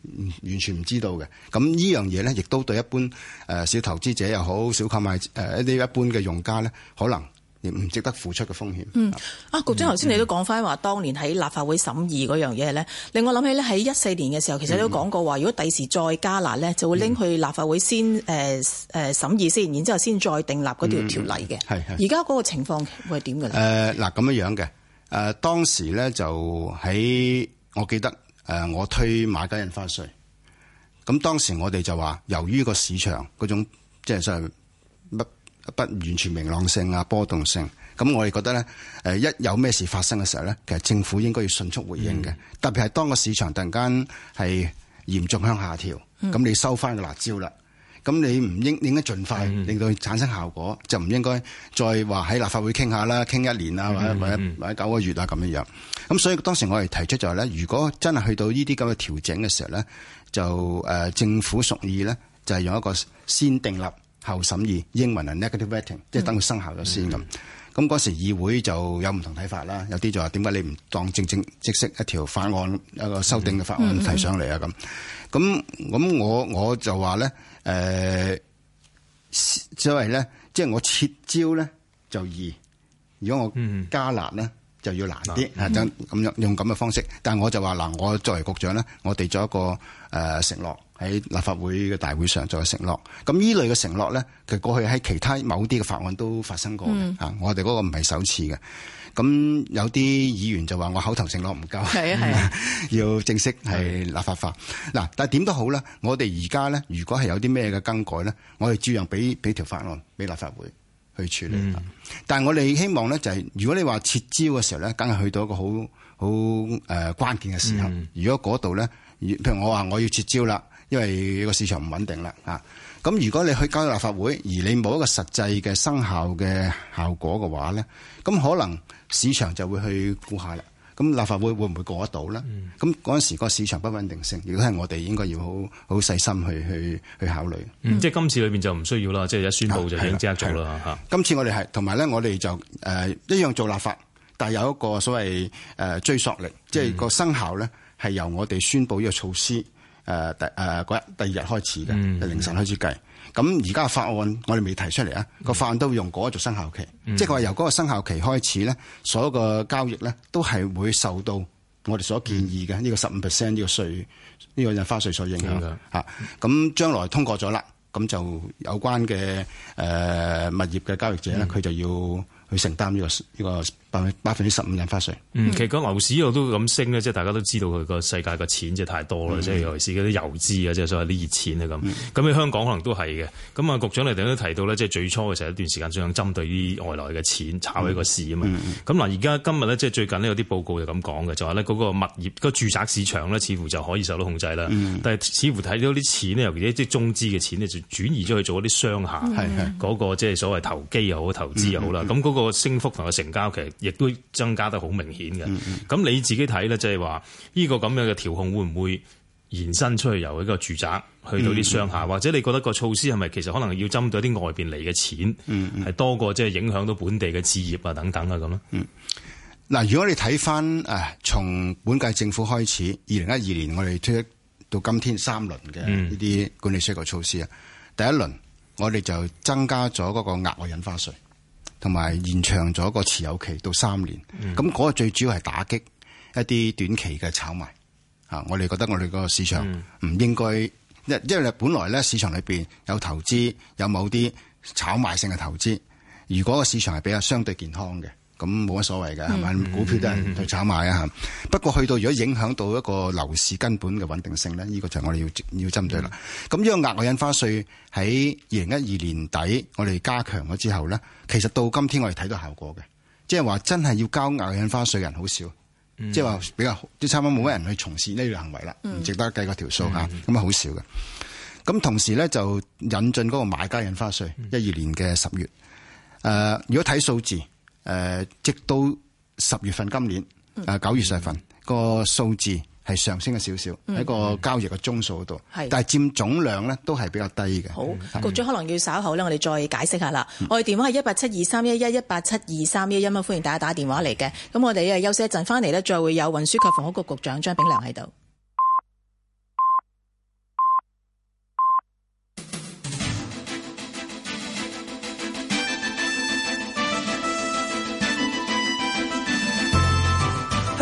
完全唔知道嘅。咁呢樣嘢咧，亦都對一般誒小投資者又好，小購買誒呢、呃，一般嘅用家咧，可能。亦唔值得付出嘅風險。嗯啊，局長頭先你都講翻話，當年喺立法會審議嗰樣嘢咧，嗯、令我諗起咧喺一四年嘅時候，其實都講過話，如果第時再加辣咧，就會拎去立法會先誒誒、嗯呃、審議先，然之後先、呃呃、先再訂立嗰條條例嘅。係係、嗯。而家嗰個情況會係點嘅咧？誒嗱咁樣樣嘅誒，當時咧就喺我記得誒、呃，我推買家印花稅。咁當時我哋就話，由於個市場嗰種即係上。就是不完全明朗性啊，波動性。咁我哋覺得咧，誒一有咩事發生嘅時候咧，其實政府應該要迅速回應嘅。嗯、特別係當個市場突然間係嚴重向下調，咁、嗯、你收翻個辣椒啦。咁你唔應你應該盡快令到產生效果，嗯、就唔應該再話喺立法會傾下啦，傾一年啊，或者或者九個月啊咁樣樣，咁、嗯、所以當時我哋提出就係、是、咧，如果真係去到呢啲咁嘅調整嘅時候咧，就誒、呃、政府屬意咧，就係、是、用一個先訂立。後審議英文係 negative rating，嗯、即係等佢生效咗先咁。咁嗰、嗯、時議會就有唔同睇法啦，有啲就話點解你唔當正正式式一條法案一個修訂嘅法案提上嚟啊咁。咁咁、嗯嗯、我我就話咧誒，所謂咧即係我撤招咧就易，如果我加辣咧就要難啲，咁、嗯嗯、用咁嘅方式。但係我就話嗱，我作為局長咧，我哋做一個誒、呃、承諾。喺立法會嘅大會上做嘅承諾，咁呢類嘅承諾咧，其實過去喺其他某啲嘅法案都發生過嘅嚇、嗯、我哋嗰個唔係首次嘅。咁有啲議員就話：我口頭承諾唔夠，係啊係啊，要正式係立法化。嗱，是的 但係點都好啦，我哋而家咧，如果係有啲咩嘅更改咧，我哋照樣俾俾條法案俾立法會去處理。嗯、但係我哋希望咧，就係、是、如果你話撤招嘅時候咧，梗係去到一個好好誒關鍵嘅時候。嗯、如果嗰度咧，譬如我話我要撤招啦。因為個市場唔穩定啦，啊，咁如果你去交入立法會，而你冇一個實際嘅生效嘅效果嘅話咧，咁可能市場就會去估下啦。咁立法會會唔會過得到咧？咁嗰陣時個市場不穩定性，如果係我哋應該要好好細心去去去考慮。嗯，即係今次裏面就唔需要啦，即係一宣布就已經即刻做啦嚇。今次我哋係同埋咧，我哋就誒一樣做立法，但係有一個所謂誒，呃，追溯力，即係個生效咧係由我哋宣布呢個措施。誒第誒日第二日開始嘅，凌晨開始計。咁而家法案我哋未提出嚟啊，個法案都會用嗰個做生效期，即係話由嗰個生效期開始咧，所有個交易咧都係會受到我哋所建議嘅呢、呢個十五 percent 呢個稅呢、呢個印花稅所影響吓。咁將的、啊、來通過咗啦，咁就有關嘅誒、呃、物業嘅交易者咧，佢就要去承擔呢個呢個。呢個百百分之十五印花稅。嗯，嗯，其實個牛市我都咁升咧，即係大家都知道佢個世界個錢即係太多啦，即係、嗯、尤其是嗰啲油資啊，即係所謂啲熱錢啊咁。咁喺、嗯、香港可能都係嘅。咁啊，局長你哋都提到咧，即係最初嘅時候一段時間想有針對啲外來嘅錢炒呢個市啊嘛。咁嗱、嗯，而家今日咧，即係最近呢，有啲報告又咁講嘅，就話呢嗰個物業、個住宅市場咧，似乎就可以受到控制啦。嗯、但係似乎睇到啲錢咧，尤其是即係中資嘅錢就轉移咗去做啲商廈嗰、嗯、個即係所謂投機又好投資又好啦。咁嗰、嗯、個升幅同個成交其實，亦都增加得好明顯嘅，咁、嗯嗯、你自己睇咧，即係話呢個咁樣嘅調控會唔會延伸出去由一個住宅去到啲商廈，嗯嗯、或者你覺得個措施係咪其實可能要針對啲外邊嚟嘅錢，係、嗯嗯、多過即係影響到本地嘅置業啊等等啊咁咯。嗱、嗯，如果你睇翻從本屆政府開始，二零一二年我哋推出到今天三輪嘅呢啲管理性嘅措施啊，嗯、第一輪我哋就增加咗嗰個額外印花稅。同埋延長咗個持有期到三年，咁嗰個最主要係打擊一啲短期嘅炒賣。啊，我哋覺得我哋個市場唔應該，因為因為本來咧市場裏邊有投資，有某啲炒賣性嘅投資，如果個市場係比較相對健康嘅。咁冇乜所謂嘅，係咪？股票都係炒賣啊，嚇、嗯。不過去到如果影響到一個樓市根本嘅穩定性咧，呢、呢個就係我哋要要針對啦。咁呢個額外印花稅喺二零一二年底我哋加強咗之後咧，其實到今天我哋睇到效果嘅，即係話真係要交額外印花稅人好少，即係話比較啲差唔多冇乜人去從事呢類行為啦，唔值得計個條數嚇，咁啊好少嘅。咁同時咧就引進嗰個買家印花稅，一二年嘅十月。誒、呃，如果睇數字。誒、呃，直到十月份今年，誒九月十月份個、嗯、數字係上升咗少少喺個交易嘅宗數度，是但係佔總量呢都係比較低嘅。好，嗯、局長可能要稍後咧，我哋再解釋下啦。嗯、我哋電話係一八七二三一一一八七二三一一，歡迎大家打電話嚟嘅。咁我哋啊休息一陣，翻嚟呢，再會有運輸及房屋局局長張炳良喺度。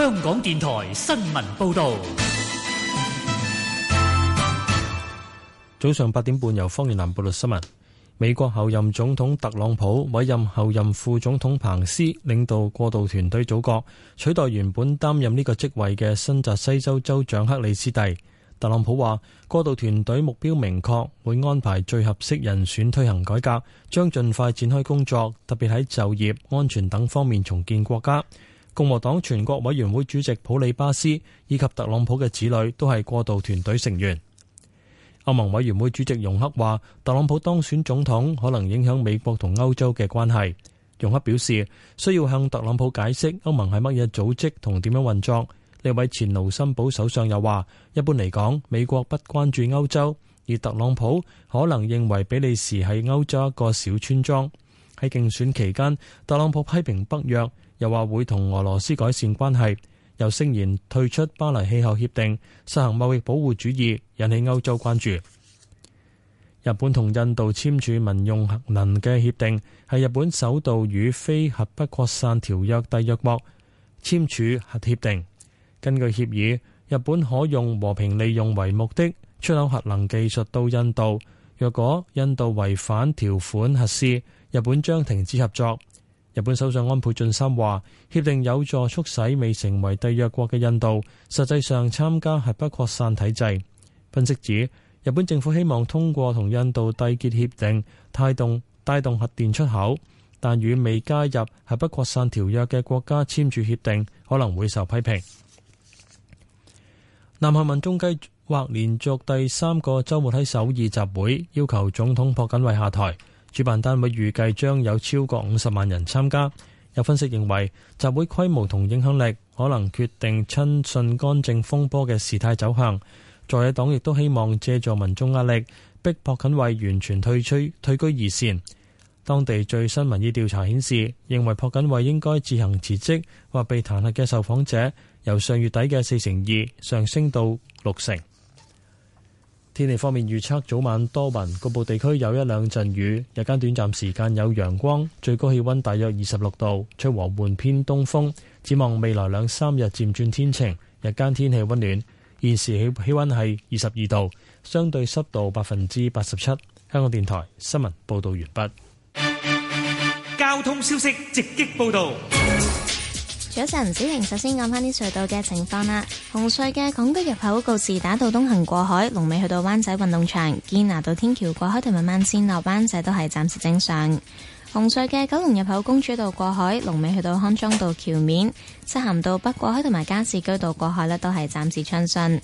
香港電台新聞報道：早上八點半，由方元南報道新聞。美國候任總統特朗普委任候任副總統彭斯領導過渡團隊組閣，取代原本擔任呢個職位嘅新澤西州州長克里斯蒂。特朗普話：過渡團隊目標明確，會安排最合適人選推行改革，將盡快展開工作，特別喺就業、安全等方面重建國家。共和黨全國委員會主席普里巴斯以及特朗普嘅子女都係過渡團隊成員。歐盟委員會主席容克話：特朗普當選總統可能影響美國同歐洲嘅關係。容克表示需要向特朗普解釋歐盟係乜嘢組織同點樣運作。呢位前盧森堡首相又話：一般嚟講，美國不關注歐洲，而特朗普可能認為比利時係歐洲一個小村莊。喺競選期間，特朗普批評北約。又話會同俄羅斯改善關係，又聲言退出巴黎氣候協定，實行貿易保護主義，引起歐洲關注。日本同印度簽署民用核能嘅協定，係日本首度與非核不擴散條約締約國簽署核協定。根據協議，日本可用和平利用為目的出口核能技術到印度。若果印度違反條款核試，日本將停止合作。日本首相安倍晉三話，協定有助促使未成為締約國嘅印度實際上參加核不擴散體制。分析指，日本政府希望通過同印度締結協定，帶動帶動核電出口，但與未加入核不擴散條約嘅國家簽署協定，可能會受批評。南韓民眾計劃連續第三個周末喺首爾集會，要求總統朴槿惠下台。主辦單位預計將有超過五十萬人參加。有分析認為，集會規模同影響力可能決定親信干政風波嘅事態走向。在野黨亦都希望借助民眾壓力逼朴槿惠完全退出，退居二線。當地最新民意調查顯示，認為朴槿惠應該自行辭職或被彈劾嘅受訪者，由上月底嘅四成二上升到六成。天氣方面預測早晚多雲，局部地區有一兩陣雨，日間短暫時間有陽光，最高氣溫大約二十六度，吹和緩偏東風。展望未來兩三日漸轉天晴，日間天氣溫暖。現時氣氣溫係二十二度，相對濕度百分之八十七。香港電台新聞報道完畢。交通消息直擊報道。早晨，小玲首先講返啲隧道嘅情況啦。紅隧嘅港島入口告士打道東行過海，龍尾去到灣仔運動場堅拿道天橋過海同埋慢線落灣仔都係暫時正常。紅隧嘅九龍入口公主道過海，龍尾去到康莊道橋面，漆咸道北過海同埋加士居道過海咧都係暫時暢順。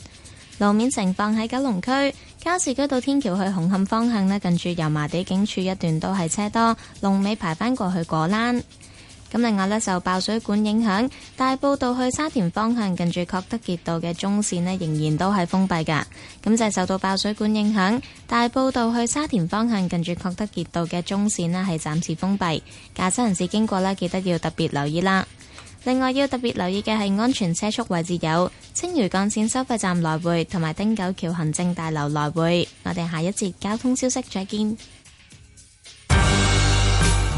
路面情況喺九龍區加士居道天橋去紅磡方向咧，近住油麻地警署一段都係車多，龍尾排返過去果欄。咁另外呢，受爆水管影響，大埔道去沙田方向近住確德杰道嘅中綫呢，仍然都係封閉噶。咁就係受到爆水管影響，大埔道去沙田方向近住確德杰道嘅中綫呢，係暫時封閉。駕車人士經過呢，記得要特別留意啦。另外要特別留意嘅係安全車速位置有青嶼乾綫收費站來回同埋汀九橋行政大樓來回。我哋下一節交通消息再見。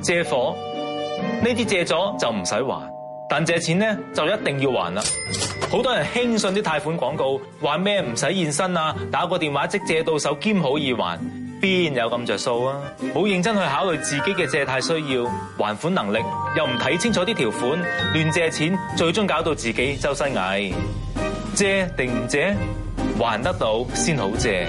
借火呢啲借咗就唔使還，但借錢呢，就一定要還啦。好多人輕信啲貸款廣告，話咩唔使現身啊，打個電話即借到手，兼好易還，邊有咁着數啊？冇認真去考慮自己嘅借貸需要，還款能力，又唔睇清楚啲條款，亂借錢，最終搞到自己周身蟻。借定唔借，還得到先好借。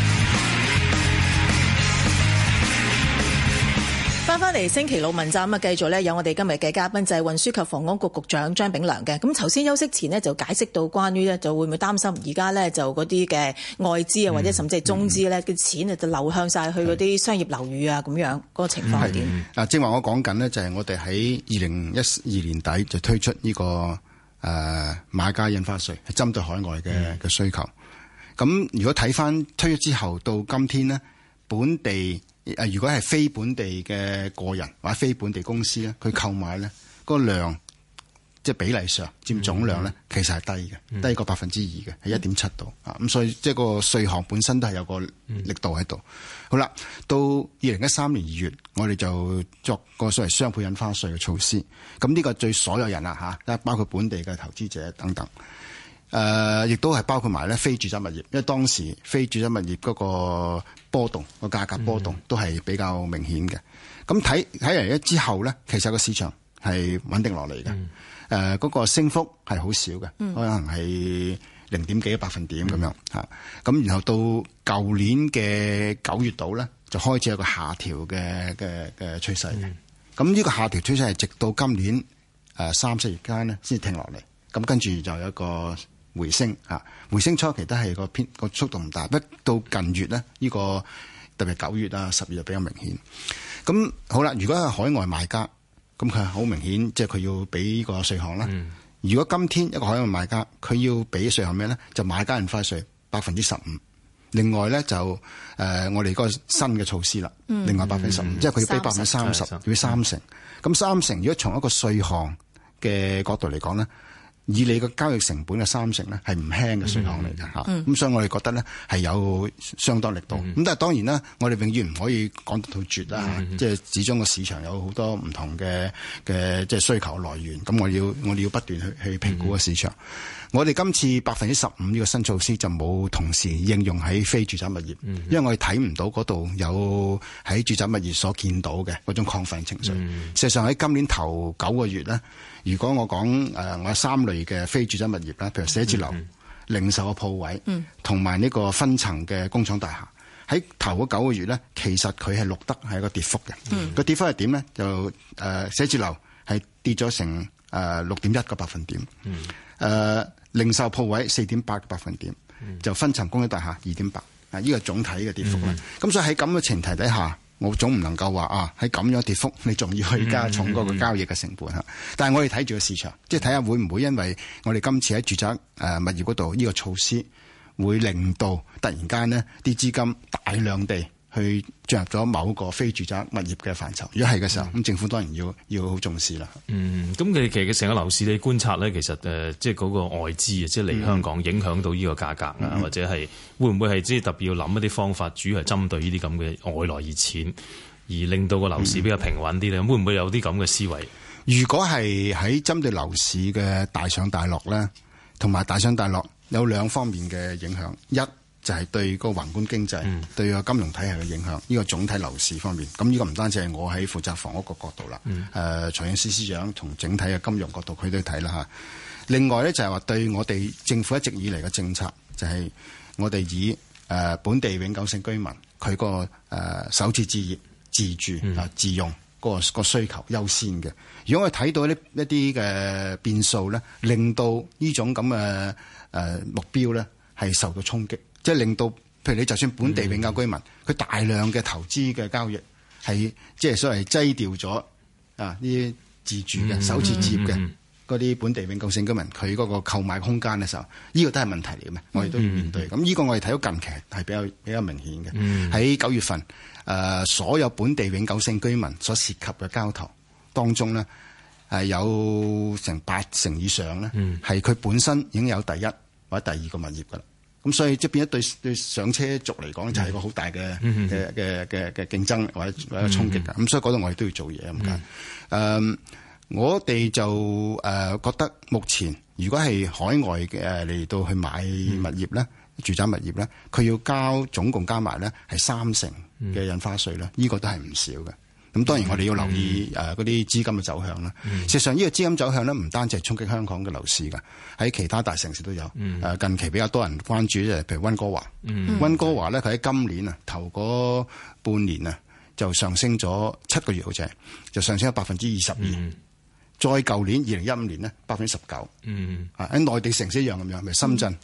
翻翻嚟星期六問站啊，繼續咧有我哋今日嘅嘉賓就係、是、運輸及房屋局局長張炳良嘅。咁頭先休息前呢，就解釋到關於咧就會唔會擔心而家咧就嗰啲嘅外資啊或者甚至係中資咧嘅錢啊就流向晒去嗰啲商業樓宇啊，咁樣嗰個情況係點？啊，正話我講緊呢，就係我哋喺二零一二年底就推出呢、這個誒買家印花稅，係針對海外嘅嘅需求。咁、嗯、如果睇翻推出之後到今天呢，本地。誒，如果係非本地嘅個人或者非本地公司咧，佢購買咧，嗰個量即係比例上佔總量咧，其實係低嘅，低過百分之二嘅，係一點七度啊。咁所以即係、個稅項本身都係有個力度喺度。好啦，到二零一三年二月，我哋就作個所謂雙倍印花稅嘅措施。咁呢個對所有人啦吓，包括本地嘅投資者等等。誒、呃，亦都係包括埋咧非住宅物業，因為當時非住宅物業嗰個波動、嗰個價格波動、嗯、都係比較明顯嘅。咁睇睇嚟一之後咧，其實個市場係穩定落嚟嘅。誒、嗯，嗰、呃嗰個升幅係好少嘅，嗯、可能係零點幾百分點咁樣咁，嗯嗯、然後到舊年嘅九月度咧，就開始有個下調嘅嘅嘅趨勢。咁呢、嗯、個下調趨勢係直到今年誒三四月間呢先至停落嚟。咁跟住就有一個。回升啊！回升初期都係個偏個速度唔大，不到近月咧，呢、呢個特別九月啊、十月就比較明顯。咁好啦，如果係海外買家，咁佢好明顯，即係佢要俾依個稅項啦。嗯、如果今天一個海外買家，佢要俾稅項咩咧？就買家印花稅百分之十五，另外咧就、呃、我哋個新嘅措施啦，嗯、另外百分之十五，嗯、即係佢要俾百分之三十，要三成。咁三、嗯、成如果從一個稅項嘅角度嚟講咧？以你嘅交易成本嘅三成咧，係唔輕嘅稅項嚟嘅。咁所以我哋覺得咧係有相當力度。咁、嗯、哼但係當然啦，我哋永遠唔可以講到絕啦，即係始終個市場有好多唔同嘅嘅即係需求來源。咁我要我哋要不斷去去評估個市場。嗯、哼我哋今次百分之十五呢個新措施就冇同時應用喺非住宅物業，嗯、哼因為我哋睇唔到嗰度有喺住宅物業所見到嘅嗰種亢奮情緒。嗯、哼事實上喺今年頭九個月咧。如果我講誒、呃、我有三類嘅非住宅物業咧，譬如寫字樓、零售嘅鋪位，同埋呢個分層嘅工廠大廈，喺頭嗰九個月咧，其實佢係錄得係一個跌幅嘅。個、嗯、跌幅係點咧？就誒、呃、寫字樓係跌咗成誒六點一個百分點，誒、呃呃、零售鋪位四點八個百分點，就分層工廠大廈二點八。啊，呢個總體嘅跌幅啦。咁、嗯、所以喺咁嘅前提底下。我總唔能夠話啊，喺咁樣跌幅，你仲要去加重嗰個交易嘅成本、嗯嗯、但係我哋睇住個市場，即係睇下會唔會因為我哋今次喺住宅物業嗰度呢個措施，會令到突然間呢啲資金大量地，去進入咗某個非住宅物業嘅範疇，如果係嘅時候，咁政府當然要要好重視啦。嗯，咁其實其實成個樓市你觀察咧，其實誒，即係嗰個外資啊，即係嚟香港影響到呢個價格啊，嗯、或者係會唔會係即係特別要諗一啲方法，主要係針對呢啲咁嘅外來熱錢，嗯、而令到個樓市比較平穩啲咧？嗯、會唔會有啲咁嘅思維？如果係喺針對樓市嘅大上大落咧，同埋大上大落有兩方面嘅影響一。就係對個宏觀經濟、嗯、對個金融體系嘅影響，呢、這個總體樓市方面，咁呢個唔單止係我喺負責房屋個角度啦。誒、嗯呃，財政司司長同整體嘅金融角度佢都睇啦嚇。另外咧就係、是、話對我哋政府一直以嚟嘅政策，就係、是、我哋以誒、呃、本地永久性居民佢個誒首次置業、自住啊、嗯呃、自用嗰、那個那個需求優先嘅。如果我哋睇到一啲嘅變數咧，令到呢種咁嘅、呃、目標咧係受到衝擊。即係令到，譬如你就算本地永久居民，佢、嗯、大量嘅投資嘅交易係即係所謂擠掉咗啊！呢啲自住嘅首次置業嘅嗰啲本地永久性居民，佢嗰個購買空間嘅時候，呢、呢個都係問題嚟嘅咩？我哋都要面對，咁呢、嗯、個我哋睇到近期係比較比較明顯嘅。喺九、嗯、月份，誒、呃、所有本地永久性居民所涉及嘅交投當中咧，係、呃、有成八成以上咧，係佢、嗯、本身已經有第一或者第二個物業噶啦。咁所以即係變咗對對上車族嚟講，就係一個好大嘅嘅嘅嘅嘅競爭或者衝擊啊！咁所以嗰度我哋都要做嘢咁解。誒，我哋就誒覺得目前如果係海外嘅誒嚟到去買物業咧，住宅物業咧，佢要交總共加埋咧係三成嘅印花稅咧，呢個都係唔少嘅。咁當然我哋要留意嗰啲資金嘅走向啦。事、嗯嗯、實上，呢個資金走向咧唔單止係衝擊香港嘅樓市㗎。喺其他大城市都有。嗯、近期比較多人關注譬如溫哥華，溫、嗯、哥華咧佢喺今年啊頭嗰半年啊就上升咗七個月好似，就上升咗百分之二十二。嗯、再舊年二零一五年呢，百分之十九。嗯，喺內地城市一樣咁樣，譬如深圳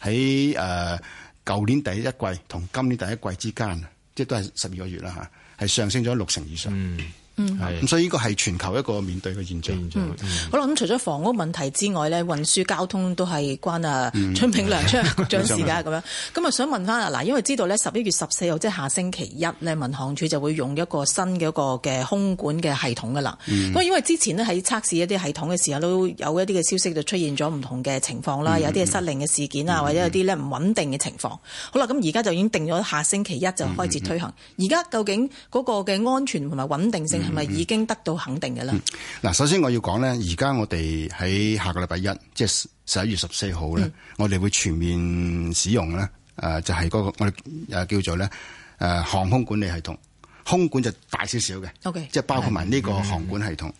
喺誒舊年第一季同今年第一季之間，即係都係十二個月啦吓係上升咗六成以上。嗯嗯，咁係所以呢個係全球一個面對嘅現象。嗯、嗯，好啦，咁除咗房屋問題之外呢，運輸交通都係關啊，張炳良局長嘅事、亮張張事噶咁樣。咁啊，想問翻啊，嗱，因為知道呢十一月十四號即係下星期一呢，民航處就會用一個新嘅一個嘅空管嘅系統噶啦。咁、嗯、因為之前呢喺測試一啲系統嘅時候，都有一啲嘅消息就出現咗唔同嘅情況啦，有啲係失靈嘅事件啊，或者有啲咧唔穩定嘅情況。嗯、好啦，咁而家就已經定咗下星期一就開始推行。而家、嗯、究竟嗰個嘅安全同埋穩定性，係咪已經得到肯定嘅啦？嗱、嗯，首先我要講咧，而家我哋喺下個禮拜一，即係十一月十四號咧，嗯、我哋會全面使用咧，誒、呃、就係、是、嗰、那個我哋誒叫做咧誒、呃、航空管理系統，空管就大少少嘅，okay, 即係包括埋呢個航管系統。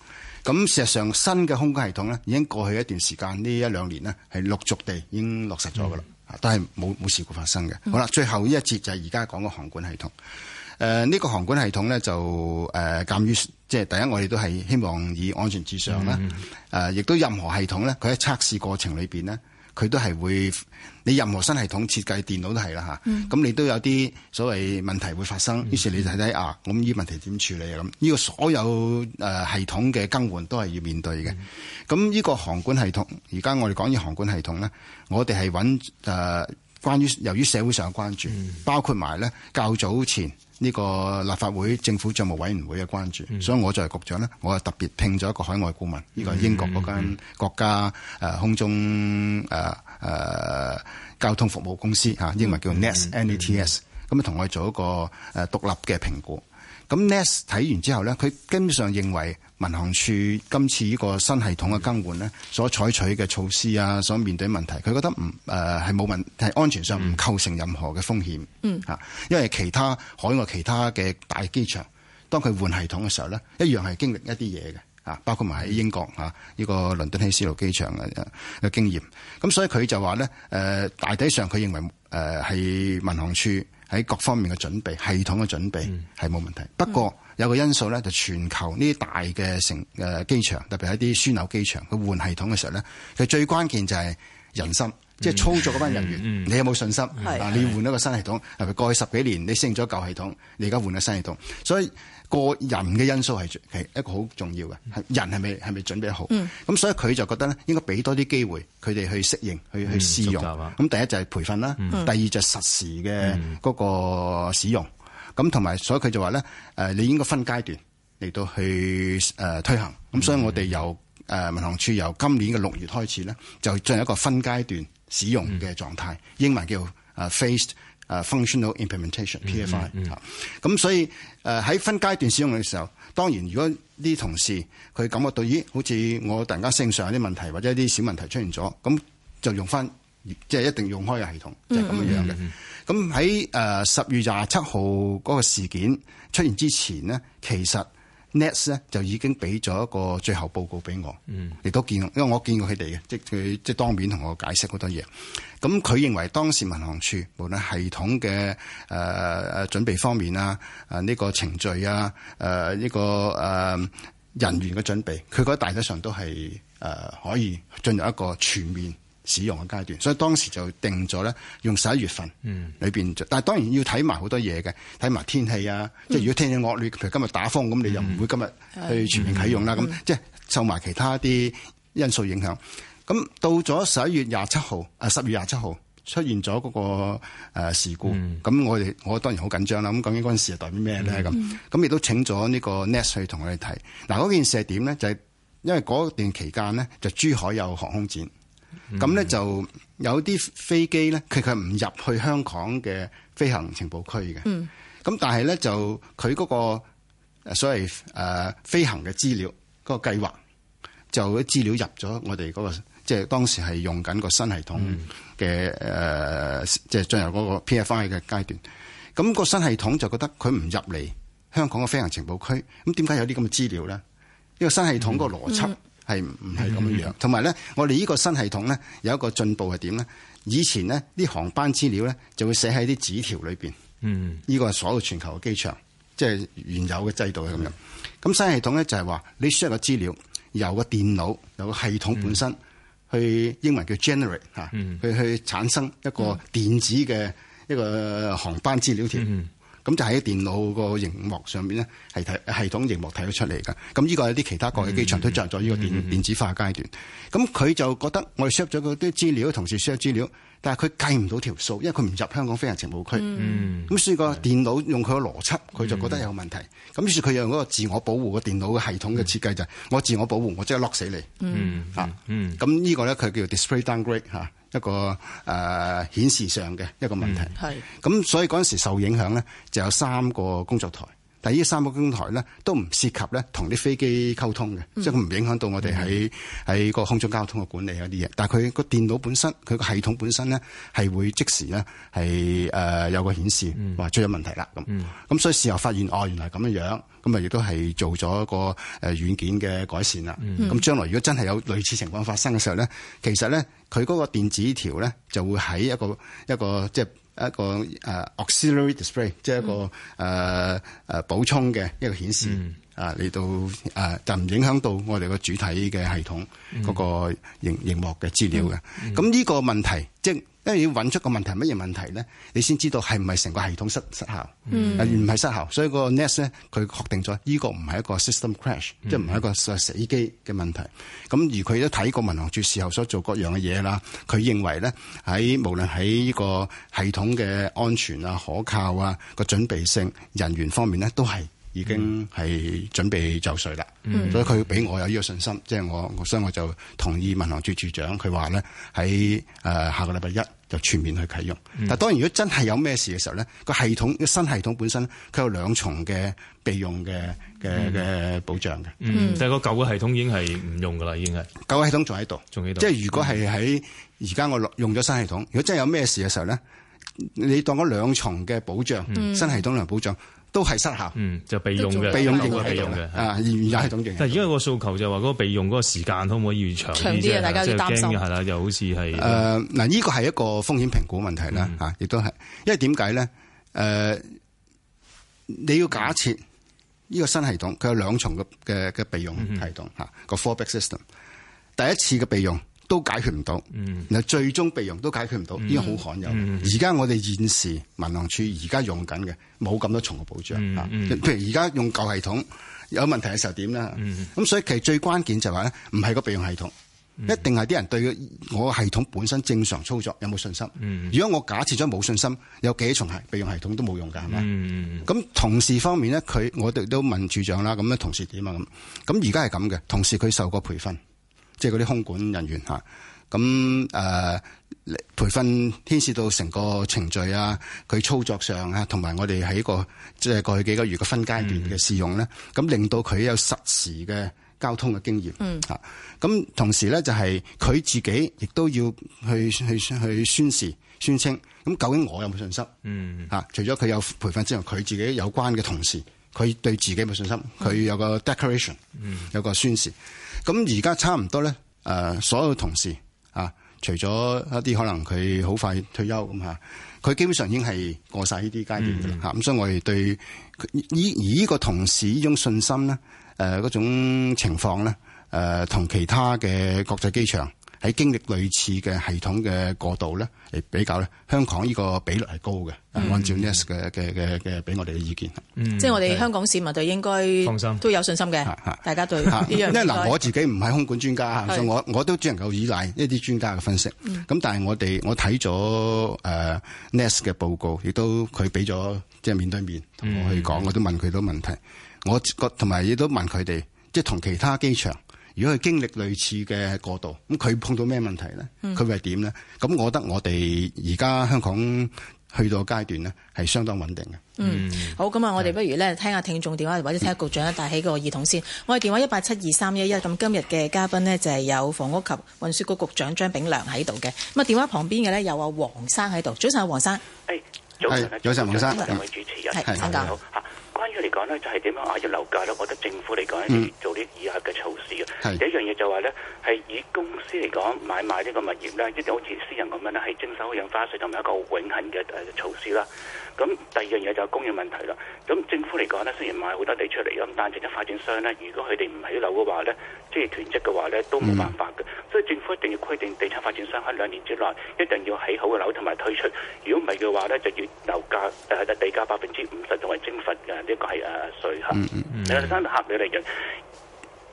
咁事實上新嘅空管系統咧，已經過去一段時間，呢一兩年呢係陸續地已經落實咗噶啦，嗯、但係冇冇事故發生嘅。嗯、好啦，最後呢一節就係而家講嘅航管系統。誒呢、呃，呢個航管系統咧，就誒鑑於即係第一，我哋都係希望以安全至上啦。誒、mm，亦、hmm. 呃、都任何系統咧，佢喺測試過程裏面咧，佢都係會你任何新系統設計電腦都係啦嚇。咁、啊、你都有啲所謂問題會發生，mm hmm. 於是你就睇睇啊，咁呢問題點處理啊？咁、呢、呢個所有、呃、系統嘅更換都係要面對嘅。咁呢、mm hmm. 個航管系統，而家我哋講嘅航管系統咧，我哋係揾誒關於由於社會上嘅關注，mm hmm. 包括埋咧較早前。呢個立法會政府帳目委員會嘅關注，所以我作為局長咧，我啊特別聘咗一個海外顧問，呢個係英國嗰間國家誒空中誒誒交通服務公司嚇，英文叫 NATS N A T S，咁啊同我做一個誒獨立嘅評估。咁 NATS 睇完之後咧，佢基本上認為。民航處今次呢個新系統嘅更換呢，所採取嘅措施啊，所面對問題，佢覺得唔誒係冇問題，係安全上唔構成任何嘅風險，嚇、嗯，因為其他海外其他嘅大機場，當佢換系統嘅時候呢，一樣係經歷一啲嘢嘅，嚇，包括埋喺英國嚇呢、啊呢個倫敦希斯路機場嘅嘅經驗，咁所以佢就話呢，誒、呃，大體上佢認為誒係民航處。喺各方面嘅準備、系統嘅準備係冇問題。嗯、不過有個因素咧，就係、全球呢啲大嘅成誒、呃、機場，特別係一啲樞紐機場去換系統嘅時候咧，佢最關鍵就係人心，嗯、即係操作嗰班人員，嗯、你有冇信心？啊、嗯，你換咗一個新系統，係咪是過去十幾年你適應咗舊系統，你而家換咗新系統，所以。個人嘅因素係一個好重要嘅，人係咪係咪準備好？咁、嗯、所以佢就覺得咧，應該俾多啲機會佢哋去適應，去去試用。咁、嗯啊、第一就係培訓啦，嗯、第二就係實時嘅嗰個使用。咁同埋，所以佢就話咧、呃，你應該分階段嚟到去、呃、推行。咁、嗯、所以我哋由誒民航處由今年嘅六月開始咧，就進行一個分階段使用嘅狀態，嗯、英文叫誒 phased functional implementation（PFI）。咁所以。誒喺分階段使用嘅時候，當然如果啲同事佢感覺到，咦好似我突然間升上啲問題，或者一啲小問題出現咗，咁就用返即係一定用開嘅系統，就係、是、咁樣樣嘅。咁喺誒十月廿七號嗰個事件出現之前呢，其實。Nets 咧就已經俾咗一個最後報告俾我，亦都見，因為我見過佢哋嘅，即佢即當面同我解釋好多嘢。咁佢認為當時民航處無論系統嘅誒誒準備方面啊，啊、呃、呢、這個程序啊，誒、呃、呢、這個誒、呃、人員嘅準備，佢覺得大體上都係誒、呃、可以進入一個全面。使用嘅階段，所以當時就定咗咧，用十一月份裏邊。嗯、但係當然要睇埋好多嘢嘅，睇埋天氣啊。嗯、即係如果天氣惡劣，譬如今日打風，咁、嗯、你又唔會今日去全面啟用啦。咁、嗯嗯、即係受埋其他啲因素影響。咁、嗯、到咗十一月廿七號啊，十月廿七號出現咗嗰個誒事故。咁、嗯、我哋我當然好緊張啦。咁究竟嗰陣時係代表咩咧？咁咁亦都請咗呢個 net 去同我哋睇嗱。嗰件事係點咧？就係、是、因為嗰段期間呢，就珠海有航空展。咁咧、嗯、就有啲飛機咧，佢佢唔入去香港嘅飛行情報區嘅。咁、嗯、但係咧就佢嗰個所謂、呃、飛行嘅資料嗰、嗰個計劃，就啲資料入咗我哋嗰、嗰個，即、就、係、是、當時係用緊個新系統嘅即係進入嗰個 PFI 嘅階段。咁、那個新系統就覺得佢唔入嚟香港嘅飛行情報區。咁點解有啲咁嘅資料咧？呢、呢個新系統個邏輯、嗯。嗯係唔係咁樣？同埋咧，我哋呢個新系統咧有一個進步係點咧？以前咧啲航班資料咧就會寫喺啲紙條裏邊。嗯、mm，依、hmm. 個係所有全球嘅機場即係、就是、原有嘅制度係咁樣。咁、mm hmm. 新系統咧就係、是、話你輸入資料，由個電腦由個系統本身、mm hmm. 去英文叫 generate 嚇、啊，mm hmm. 去去產生一個電子嘅一個航班資料條。Mm hmm. 咁就喺電腦個熒幕上面咧，系統熒幕睇得出嚟嘅。咁呢個有啲其他國際機場、mm hmm. 都進入咗呢個電子化階段，咁佢、mm hmm. 就覺得我哋 share 咗嗰啲資料，同時 share 資料。但係佢計唔到條數，因為佢唔入香港飛行情報區，咁、嗯、所以個電腦用佢個邏輯，佢就覺得有問題。咁、嗯、於是佢又用嗰個自我保護個電腦嘅系統嘅設計、嗯、就係，我自我保護，我即刻 lock 死你。嗯，咁呢、啊嗯、個咧佢叫做 display downgrade、啊、一個誒、呃、顯示上嘅一個問題。咁、嗯、所以嗰陣時受影響咧，就有三個工作台。第依三個工台咧都唔涉及咧同啲飛機溝通嘅，嗯、即係佢唔影響到我哋喺喺個空中交通嘅管理嗰啲嘢。嗯、但係佢個電腦本身，佢個系統本身咧係會即時咧係誒有個顯示話、嗯、出咗問題啦咁。咁、嗯、所以事後發現哦，原來咁樣樣，咁啊亦都係做咗個軟件嘅改善啦。咁、嗯、將來如果真係有類似情況發生嘅時候咧，其實咧佢嗰個電子條咧就會喺一個一個即係。一個誒 auxiliary display，即係一個誒誒補充嘅一個顯示啊，嚟到誒就唔影響到我哋個主體嘅系統，嗰個熒熒幕嘅資料嘅。咁呢個問題即係。因為要揾出個問題係乜嘢問題咧，你先知道係唔係成個系統失失效，唔係、mm. 失效，所以個 nest 咧佢確定咗呢、呢個唔係一個 system crash、mm. 即係唔係一個死機嘅問題。咁而佢都睇過民航處事後所做各樣嘅嘢啦，佢認為咧喺無論喺呢個系統嘅安全啊、可靠啊、個準備性人員方面咧，都係。已經係準備就緒啦，嗯、所以佢俾我有呢個信心，即、就、係、是、我，所以我就同意民航處處長佢話咧喺誒下個禮拜一就全面去啟用。嗯、但當當然，如果真係有咩事嘅時候咧，個系統新系統本身佢有兩重嘅備用嘅嘅嘅保障嘅。但係、嗯、個舊嘅系統已經係唔用㗎啦，已經係舊嘅系統仲喺度，仲喺度。即係如果係喺而家我用咗新系統，如果真係有咩事嘅時候咧，你當嗰兩重嘅保障，嗯、新系統兩保障。都係失效，嗯，就備用嘅，備用嘅備用嘅，啊，而家系統。但係而家個訴求就係話嗰個備用嗰個時間，可唔可以越長啲？大家要擔心係啦，又好似係誒嗱，呢個係一個風險評估問題啦嚇，亦都係，嗯、因為點解咧？誒、呃，你要假設呢個新系統佢有兩重嘅嘅備用系統嚇，嗯、哼個 fallback system，第一次嘅備用。都解決唔到，嗱、嗯、最終備用都解決唔到，呢個好罕有。而家、嗯嗯、我哋現時民航處而家用緊嘅冇咁多重嘅保障嚇，嗯嗯、譬如而家用舊系統有問題嘅時候點咧？咁、嗯、所以其實最關鍵就係、話、咧，唔係個備用系統，嗯、一定係啲人對我系統本身正常操作有冇信心？嗯、如果我假設咗冇信心，有幾重係備用系統都冇用㗎，係嘛、嗯？咁同事方面咧，佢我哋都問處長啦，咁咧同事點啊咁？咁而家係咁嘅，同事佢受過培訓。即係嗰啲空管人員吓，咁誒、呃、培訓牽涉到成個程序啊，佢操作上啊，同埋我哋喺個即係、就是、過去幾個月嘅分階段嘅試用咧，咁令到佢有實時嘅交通嘅經驗咁、嗯、同時咧就係佢自己亦都要去去去宣示宣稱，咁究竟我有冇信心？嗯，除咗佢有培訓之外，佢、就是、自己有關嘅同事。佢對自己冇信心，佢有個 declaration，有個宣示。咁而家差唔多咧，誒所有同事啊，除咗一啲可能佢好快退休咁嚇，佢基本上已經係過晒呢啲階段㗎啦嚇。咁、mm hmm. 所以我哋對以而依個同事呢種信心咧，誒嗰種情況咧，誒同其他嘅國際機場，喺經歷類似嘅系統嘅過渡咧，嚟比較咧，香港呢個比率係高嘅。嗯、按照 NAS 嘅嘅嘅嘅俾我哋嘅意見，嗯、是即係我哋香港市民對應該放心都有信心嘅，大家對呢樣。因為嗱，是是我自己唔係空管專家是所以我我都只能夠依賴呢啲專家嘅分析。咁是但係我哋我睇咗誒 NAS 嘅報告，亦都佢俾咗即係面對面同我去講，嗯、我都問佢都問題。我個同埋亦都問佢哋，即係同其他機場。如果係經歷類似嘅過渡，咁佢碰到咩問題呢？佢會點呢？咁我覺得我哋而家香港去到個階段呢，係相當穩定嘅。嗯，好，咁啊，我哋不如呢，聽下聽、聽眾電話，或者聽下局長帶起個耳筒先。嗯、我哋電話一八七二三一一。咁今日嘅嘉賓呢，就係有房屋及運輸局局長張炳良喺度嘅。咁啊電話旁邊嘅呢，有阿黃生喺度。早晨，黃生。誒、hey，早晨，早晨，黃生。位主持啊，請關於嚟講咧，嗯、就係點樣壓住樓價咧？我覺得政府嚟講咧，做啲以下嘅措施嘅。第一樣嘢就話咧，係以公司嚟講買賣呢個物業咧，一定好似私人咁樣咧，係徵收印花稅同埋一個永恆嘅誒措施啦。咁第二樣嘢就係供應問題啦。咁政府嚟講呢，雖然買好多地出嚟咁，但係地產發展商呢，如果佢哋唔起樓嘅話呢，即係囤積嘅話呢，都冇辦法嘅。Mm hmm. 所以政府一定要規定地產發展商喺兩年之內一定要起好嘅樓同埋推出。如果唔係嘅話呢，就要樓價誒、啊、地價百分之五十同埋徵罰嘅呢個係誒稅嚇。呃 mm hmm. 客你嚟嘅。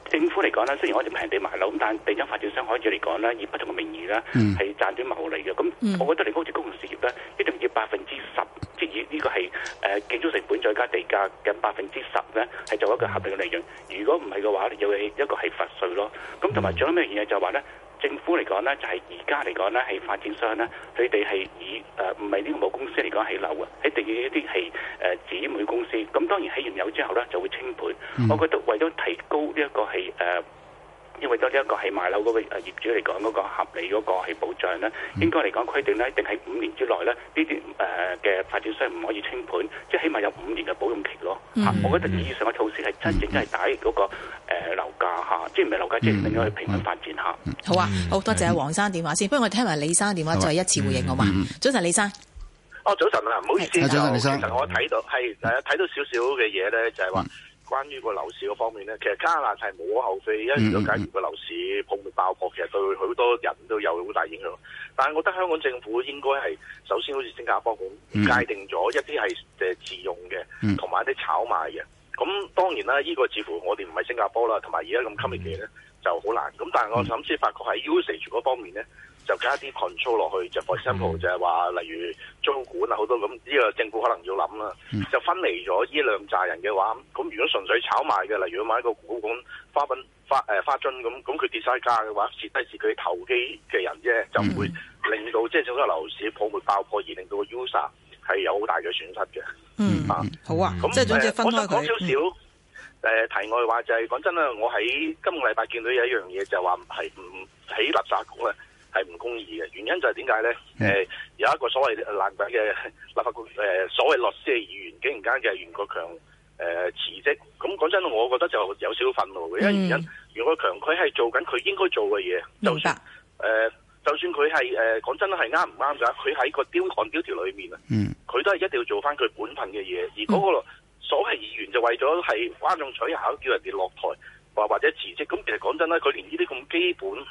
政府嚟講咧，雖然我哋平地買樓，咁但地產發展商可以嚟講咧，以不同嘅名義咧，係、嗯、賺咗牟利嘅。咁、嗯、我覺得你好似公共事業咧，一定要百分之十，即係以呢個係誒、呃、建築成本再加地價嘅百分之十咧，係做一個合理嘅利潤。如果唔係嘅話咧，又會一個係罰稅咯。咁同埋仲有咩原因就係話咧。政府嚟講咧，就係而家嚟講咧，係發展商咧，佢哋係以誒唔係呢個母公司嚟講起樓嘅，佢哋嘅一啲係誒姊妹公司。咁當然起完樓之後咧，就會清盤。我覺得為咗提高呢一個係誒。呃因為當呢一個係買樓嗰個誒業主嚟講嗰個合理嗰個係保障咧，應該嚟講規定咧，一定係五年之內咧，呢段誒嘅發展商唔可以清盤，即係起碼有五年嘅保用期咯。嚇、嗯，嗯、我覺得以上嘅措施係真正係打擊嗰個誒樓價即係唔係樓價即係點樣去平衡發展嚇？嗯、好啊，好多謝阿、啊、黃生電話先，不如我哋聽埋李生電話再一次回應、嗯、好嘛吧？早晨李生，哦，早晨啊，唔好意思早晨我睇到係睇到少少嘅嘢咧，就係話。關於個樓市嗰方面咧，其實加辣係無可厚非，因為如果假如個樓市、嗯、泡沫爆破，其實對好多人都有好大影響。但係我覺得香港政府應該係首先好似新加坡咁、嗯、界定咗一啲係自用嘅，同埋、嗯、一啲炒賣嘅。咁當然啦，呢、呢個似乎我哋唔係新加坡啦，同埋而家咁吸咩嘅咧就好難。咁但係我諗先發覺係 usage 嗰方面咧。就加啲 control 落去，就 for example 就係話，嗯、例如中管啊，好多咁呢、呢個政府可能要諗啦。就分離咗呢兩紮人嘅話，咁如果純粹炒賣嘅，例如買一個股股花粉花誒、呃、花樽咁，咁佢跌曬價嘅話，蝕低是佢投機嘅人啫，就唔會令到即係整個樓市泡沫爆破而令到個 user 係有好大嘅損失嘅。嗯，啊好啊。咁、嗯、那即係我想講少少誒題外話，就係、是、講真啦，我喺今個禮拜見到有一樣嘢，就係話係唔喺垃圾股啊。係唔公義嘅原因就係點解咧？誒、mm. 呃，有一個所謂爛鬼嘅立法局誒、呃，所謂律師嘅議員，竟然間嘅袁國強誒辭職。咁、呃、講真，我覺得就有少少憤怒嘅，因為原因、mm. 袁國強佢係做緊佢應該做嘅嘢，明白、mm.？誒、呃，就算佢係誒講真係啱唔啱噶，佢喺個雕抗刁條裏面啊，嗯，佢都係一定要做翻佢本份嘅嘢。而嗰個所謂議員就為咗係嘩眾取巧，叫人哋落台話或者辭職。咁其實講真啦，佢連呢啲咁基本。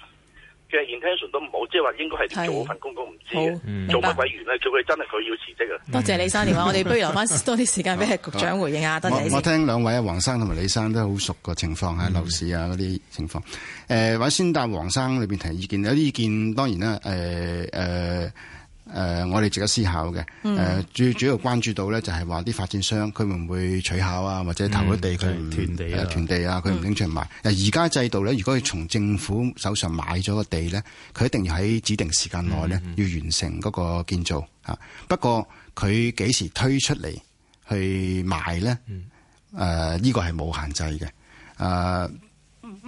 嘅 intention 都唔好，即係話應該係做份工都，公唔知做乜委員咧，除佢真係佢要辭職啊！嗯、多謝李生電話，我哋不如留翻多啲時間俾 局長回應好好你啊！多謝、嗯呃、我聽兩位啊，黃生同埋李生都好熟個情況啊，樓市啊嗰啲情況。誒，或者先答黃生裏邊提意見，有啲意見當然啦。誒、呃、誒。呃誒、呃，我哋值得思考嘅。最、呃、主要關注到咧，就係話啲發展商佢會唔會取巧啊，或者投咗地佢囤、嗯就是、地啊、囤地啊，佢唔拎出嚟賣。嗱、嗯，而家制度咧，如果佢從政府手上買咗個地咧，佢一定要喺指定時間內咧要完成嗰個建造，吓嗯嗯，不過佢幾時推出嚟去賣咧？誒、呃，呢個係冇限制嘅。誒、呃，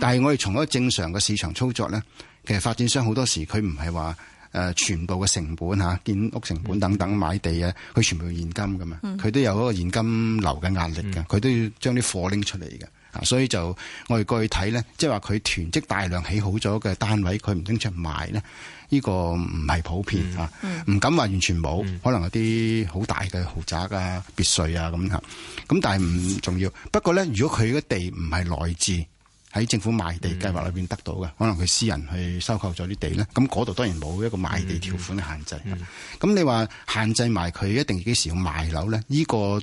但係我哋從一個正常嘅市場操作咧，其實發展商好多時佢唔係話。誒，全部嘅成本吓，建屋成本等等買地啊，佢全部現金㗎嘛，佢都有個現金流嘅壓力㗎。佢都要將啲貨拎出嚟嘅，啊，所以就我哋過去睇咧，即係話佢囤積大量起好咗嘅單位，佢唔拎出賣咧，呢、呢個唔係普遍唔、嗯、敢話完全冇，嗯、可能有啲好大嘅豪宅啊、別墅啊，咁咁，但係唔重要。不過咧，如果佢嘅地唔係來自喺政府賣地計劃裏邊得到嘅，可能佢私人去收購咗啲地咧，咁嗰度當然冇一個賣地條款嘅限制。咁、嗯嗯、你話限制埋佢一定幾時要賣樓咧？呢、呢個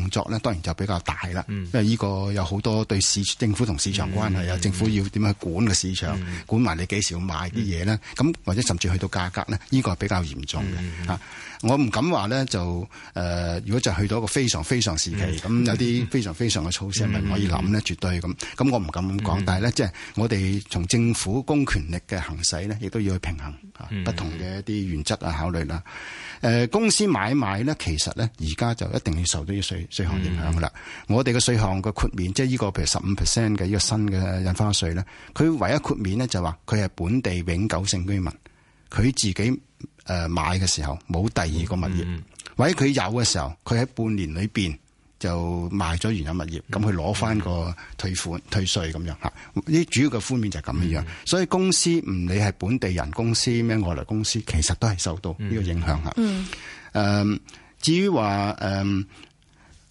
動作咧當然就比較大啦，因為呢個有好多對市政府同市場關係啊，嗯嗯、政府要點樣去管個市場，嗯、管埋你幾時要買啲嘢咧，咁、嗯、或者甚至去到價格咧，呢、這個係比較嚴重嘅嚇、嗯啊。我唔敢話咧，就誒、呃，如果就去到一個非常非常時期，咁、嗯嗯、有啲非常非常嘅措施咪唔可以諗咧，嗯、絕對咁。咁我唔敢咁講，嗯、但係咧，即、就、係、是、我哋從政府公權力嘅行使咧，亦都要去平衡、啊、不同嘅一啲原則啊考慮啦。誒公司買賣咧，其實咧而家就一定要受到啲稅稅項的影響噶啦。嗯、我哋嘅稅項嘅豁免，即係呢個譬如十五 percent 嘅呢個新嘅印花稅咧，佢唯一豁免咧就話佢係本地永久性居民，佢自己誒買嘅時候冇第二個物業，或者佢有嘅時候，佢喺半年裏面。就賣咗原有物業，咁佢攞翻個退款退稅咁樣嚇，呢主要嘅方面就係咁樣。嗯、所以公司唔理係本地人公司咩外來公司，其實都係受到呢個影響嚇。嗯，嗯。至於話誒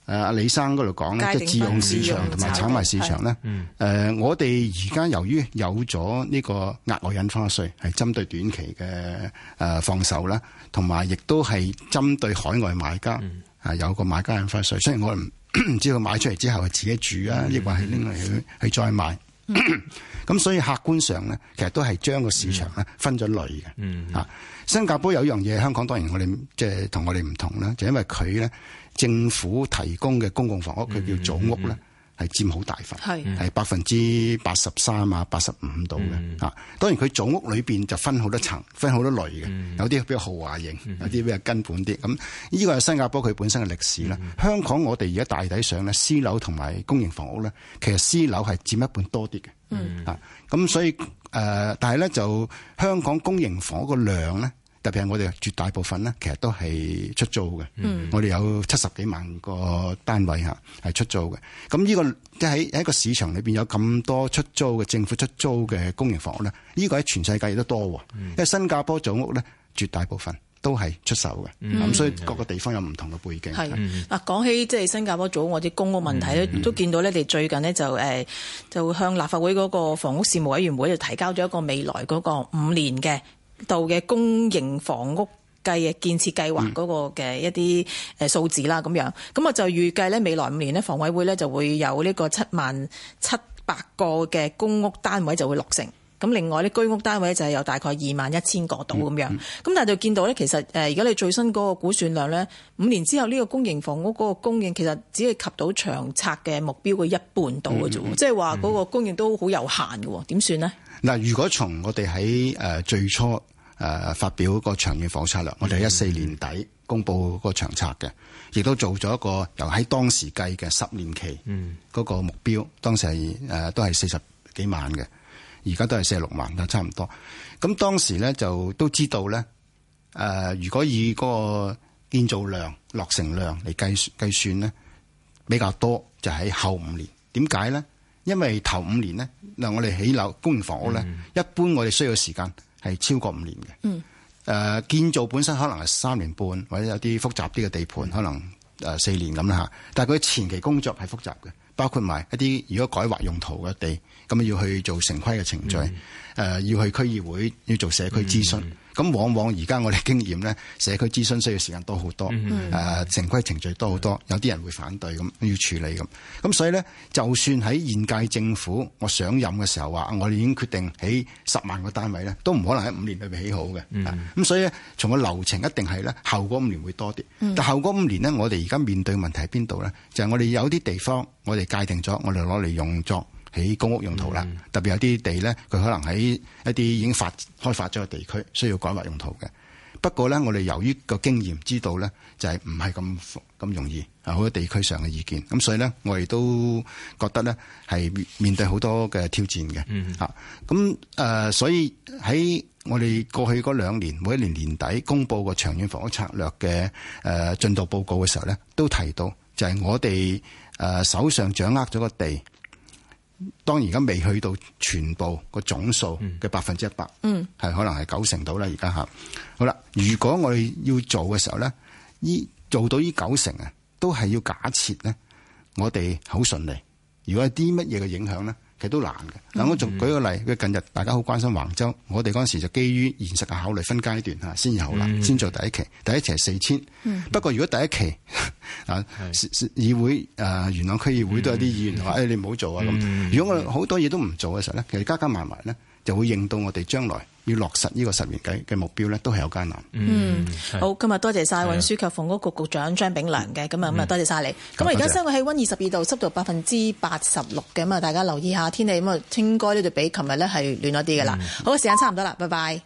誒阿李生嗰度講咧，即係自用市場同埋炒賣市場咧。嗯。呃、我哋而家由於有咗呢個額外印花稅，係針對短期嘅誒、呃、放手啦，同埋亦都係針對海外買家。嗯啊，有個買家印花稅，雖然我唔知道買出嚟之後係自己住啊，亦或係拎嚟去去再賣。咁、mm hmm. 所以客觀上咧，其實都係將個市場咧分咗類嘅。新加坡有一樣嘢，香港當然我哋即係同我哋唔同啦，就係就係、因為佢咧政府提供嘅公共房屋，佢叫組屋咧。Mm hmm. 係佔好大份，係百分之八十三啊八十五度嘅，啊，的、嗯、啊當然佢組屋裏面就分好多層，分好多類嘅，嗯、有啲比較豪華型，有啲比較根本啲，咁呢個係新加坡佢本身嘅歷史啦。嗯、香港我哋而家大抵上咧，私樓同埋公營房屋咧，其實私樓係佔一半多啲嘅，嗯、啊咁所以、呃、但係咧就香港公營房屋個量咧。特別係我哋絕大部分呢，其實都係出租嘅。嗯、我哋有七十幾萬個單位嚇係出租嘅。咁呢、呢個即係喺個市場裏面，有咁多出租嘅政府出租嘅公營房屋呢，呢、呢個喺全世界亦都多。嗯、因為新加坡組屋呢，絕大部分都係出售嘅，咁、嗯、所以各個地方有唔同嘅背景。係啊，講起即係新加坡組屋啲公屋問題咧，嗯、都見到呢你哋最近呢，就就向立法會嗰個房屋事務委員會就提交咗一個未來嗰個五年嘅。度嘅公營房屋計嘅建設計劃嗰個嘅一啲誒數字啦，咁樣咁我就預計咧，未來五年呢，房委會咧就會有呢個七萬七百個嘅公屋單位就會落成。咁另外呢，居屋單位就係有大概二萬一千個到咁樣。咁、嗯嗯、但係就見到咧，其實誒，而家你最新嗰個估算量咧，五年之後呢個公營房屋嗰個供應其實只係及到長策嘅目標嘅一半到嘅啫，即係話嗰個供應都好有限嘅喎，點算呢？嗱，如果從我哋喺誒最初。誒、啊、發表個長遠房策略，我哋喺一四年底公布個長策嘅，亦都做咗一個由喺當時計嘅十年期嗰個目標，當時係、啊、都係四十幾萬嘅，而家都係四十六萬啦，差唔多。咁當時咧就都知道咧，誒、啊、如果以個建造量、落成量嚟計計算咧，比較多就喺、是、後五年。點解咧？因為頭五年咧，嗱我哋起樓公營房屋咧，嗯、一般我哋需要時間，係超過五年嘅。嗯、建造本身可能係三年半，或者有啲複雜啲嘅地盤，可能誒四年咁吓。但係佢前期工作係複雜嘅，包括埋一啲如果改劃用途嘅地，咁啊要去做城規嘅程序、嗯呃，要去區議會，要做社區諮詢。嗯嗯咁往往而家我哋經驗咧，社區諮詢需要時間多好多，誒、mm，城、hmm. 規、呃、程序多好多，有啲人會反對咁，要處理咁。咁所以咧，就算喺現屆政府，我上任嘅時候話，我哋已經決定起十萬個單位咧，都唔可能喺五年裏邊起好嘅。咁、mm hmm. 所以咧，從個流程一定係咧，後嗰五年會多啲。但後嗰五年呢，就是、我哋而家面對問題喺邊度咧？就係我哋有啲地方我，我哋界定咗，我哋攞嚟用作。喺公屋用途啦，特別有啲地咧，佢可能喺一啲已經發開發咗嘅地區，需要改劃用途嘅。不過咧，我哋由於個經驗知道咧，就係唔係咁咁容易啊，好多地區上嘅意見咁，所以咧，我哋都覺得咧係面對好多嘅挑戰嘅嗯嚇咁誒。所以喺我哋過去嗰兩年每一年年底公佈個長遠房屋策略嘅誒進度報告嘅時候咧，都提到就係我哋誒手上掌握咗個地。當然而家未去到全部個總數嘅百分之一百，係、嗯、可能係九成到啦。而家下好啦，如果我哋要做嘅時候咧，依做到呢九成啊，都係要假設咧，我哋好順利。如果有啲乜嘢嘅影響咧？其實都難嘅，嗱我仲舉個例，佢近日大家好關心橫州，我哋嗰陣時就基於現實嘅考慮，分階段先有啦，嗯、先做第一期，第一期係四千。不過如果第一期議是 議會、呃、元朗區議會都有啲議員話、嗯哎：你唔好做啊咁、嗯。如果我好多嘢都唔做嘅時候咧，其實加加埋埋咧就會應到我哋將來。要落實呢個十年計嘅目標咧，都係有艱難。嗯，好，今日多謝晒運輸及房屋局局長張炳良嘅咁啊咁啊，多謝晒你。咁而家室外氣溫二十二度，濕度百分之八十六嘅咁啊，大家留意一下天氣咁啊，應該呢度比琴日呢係暖咗啲噶啦。嗯、好，時間差唔多啦，拜拜。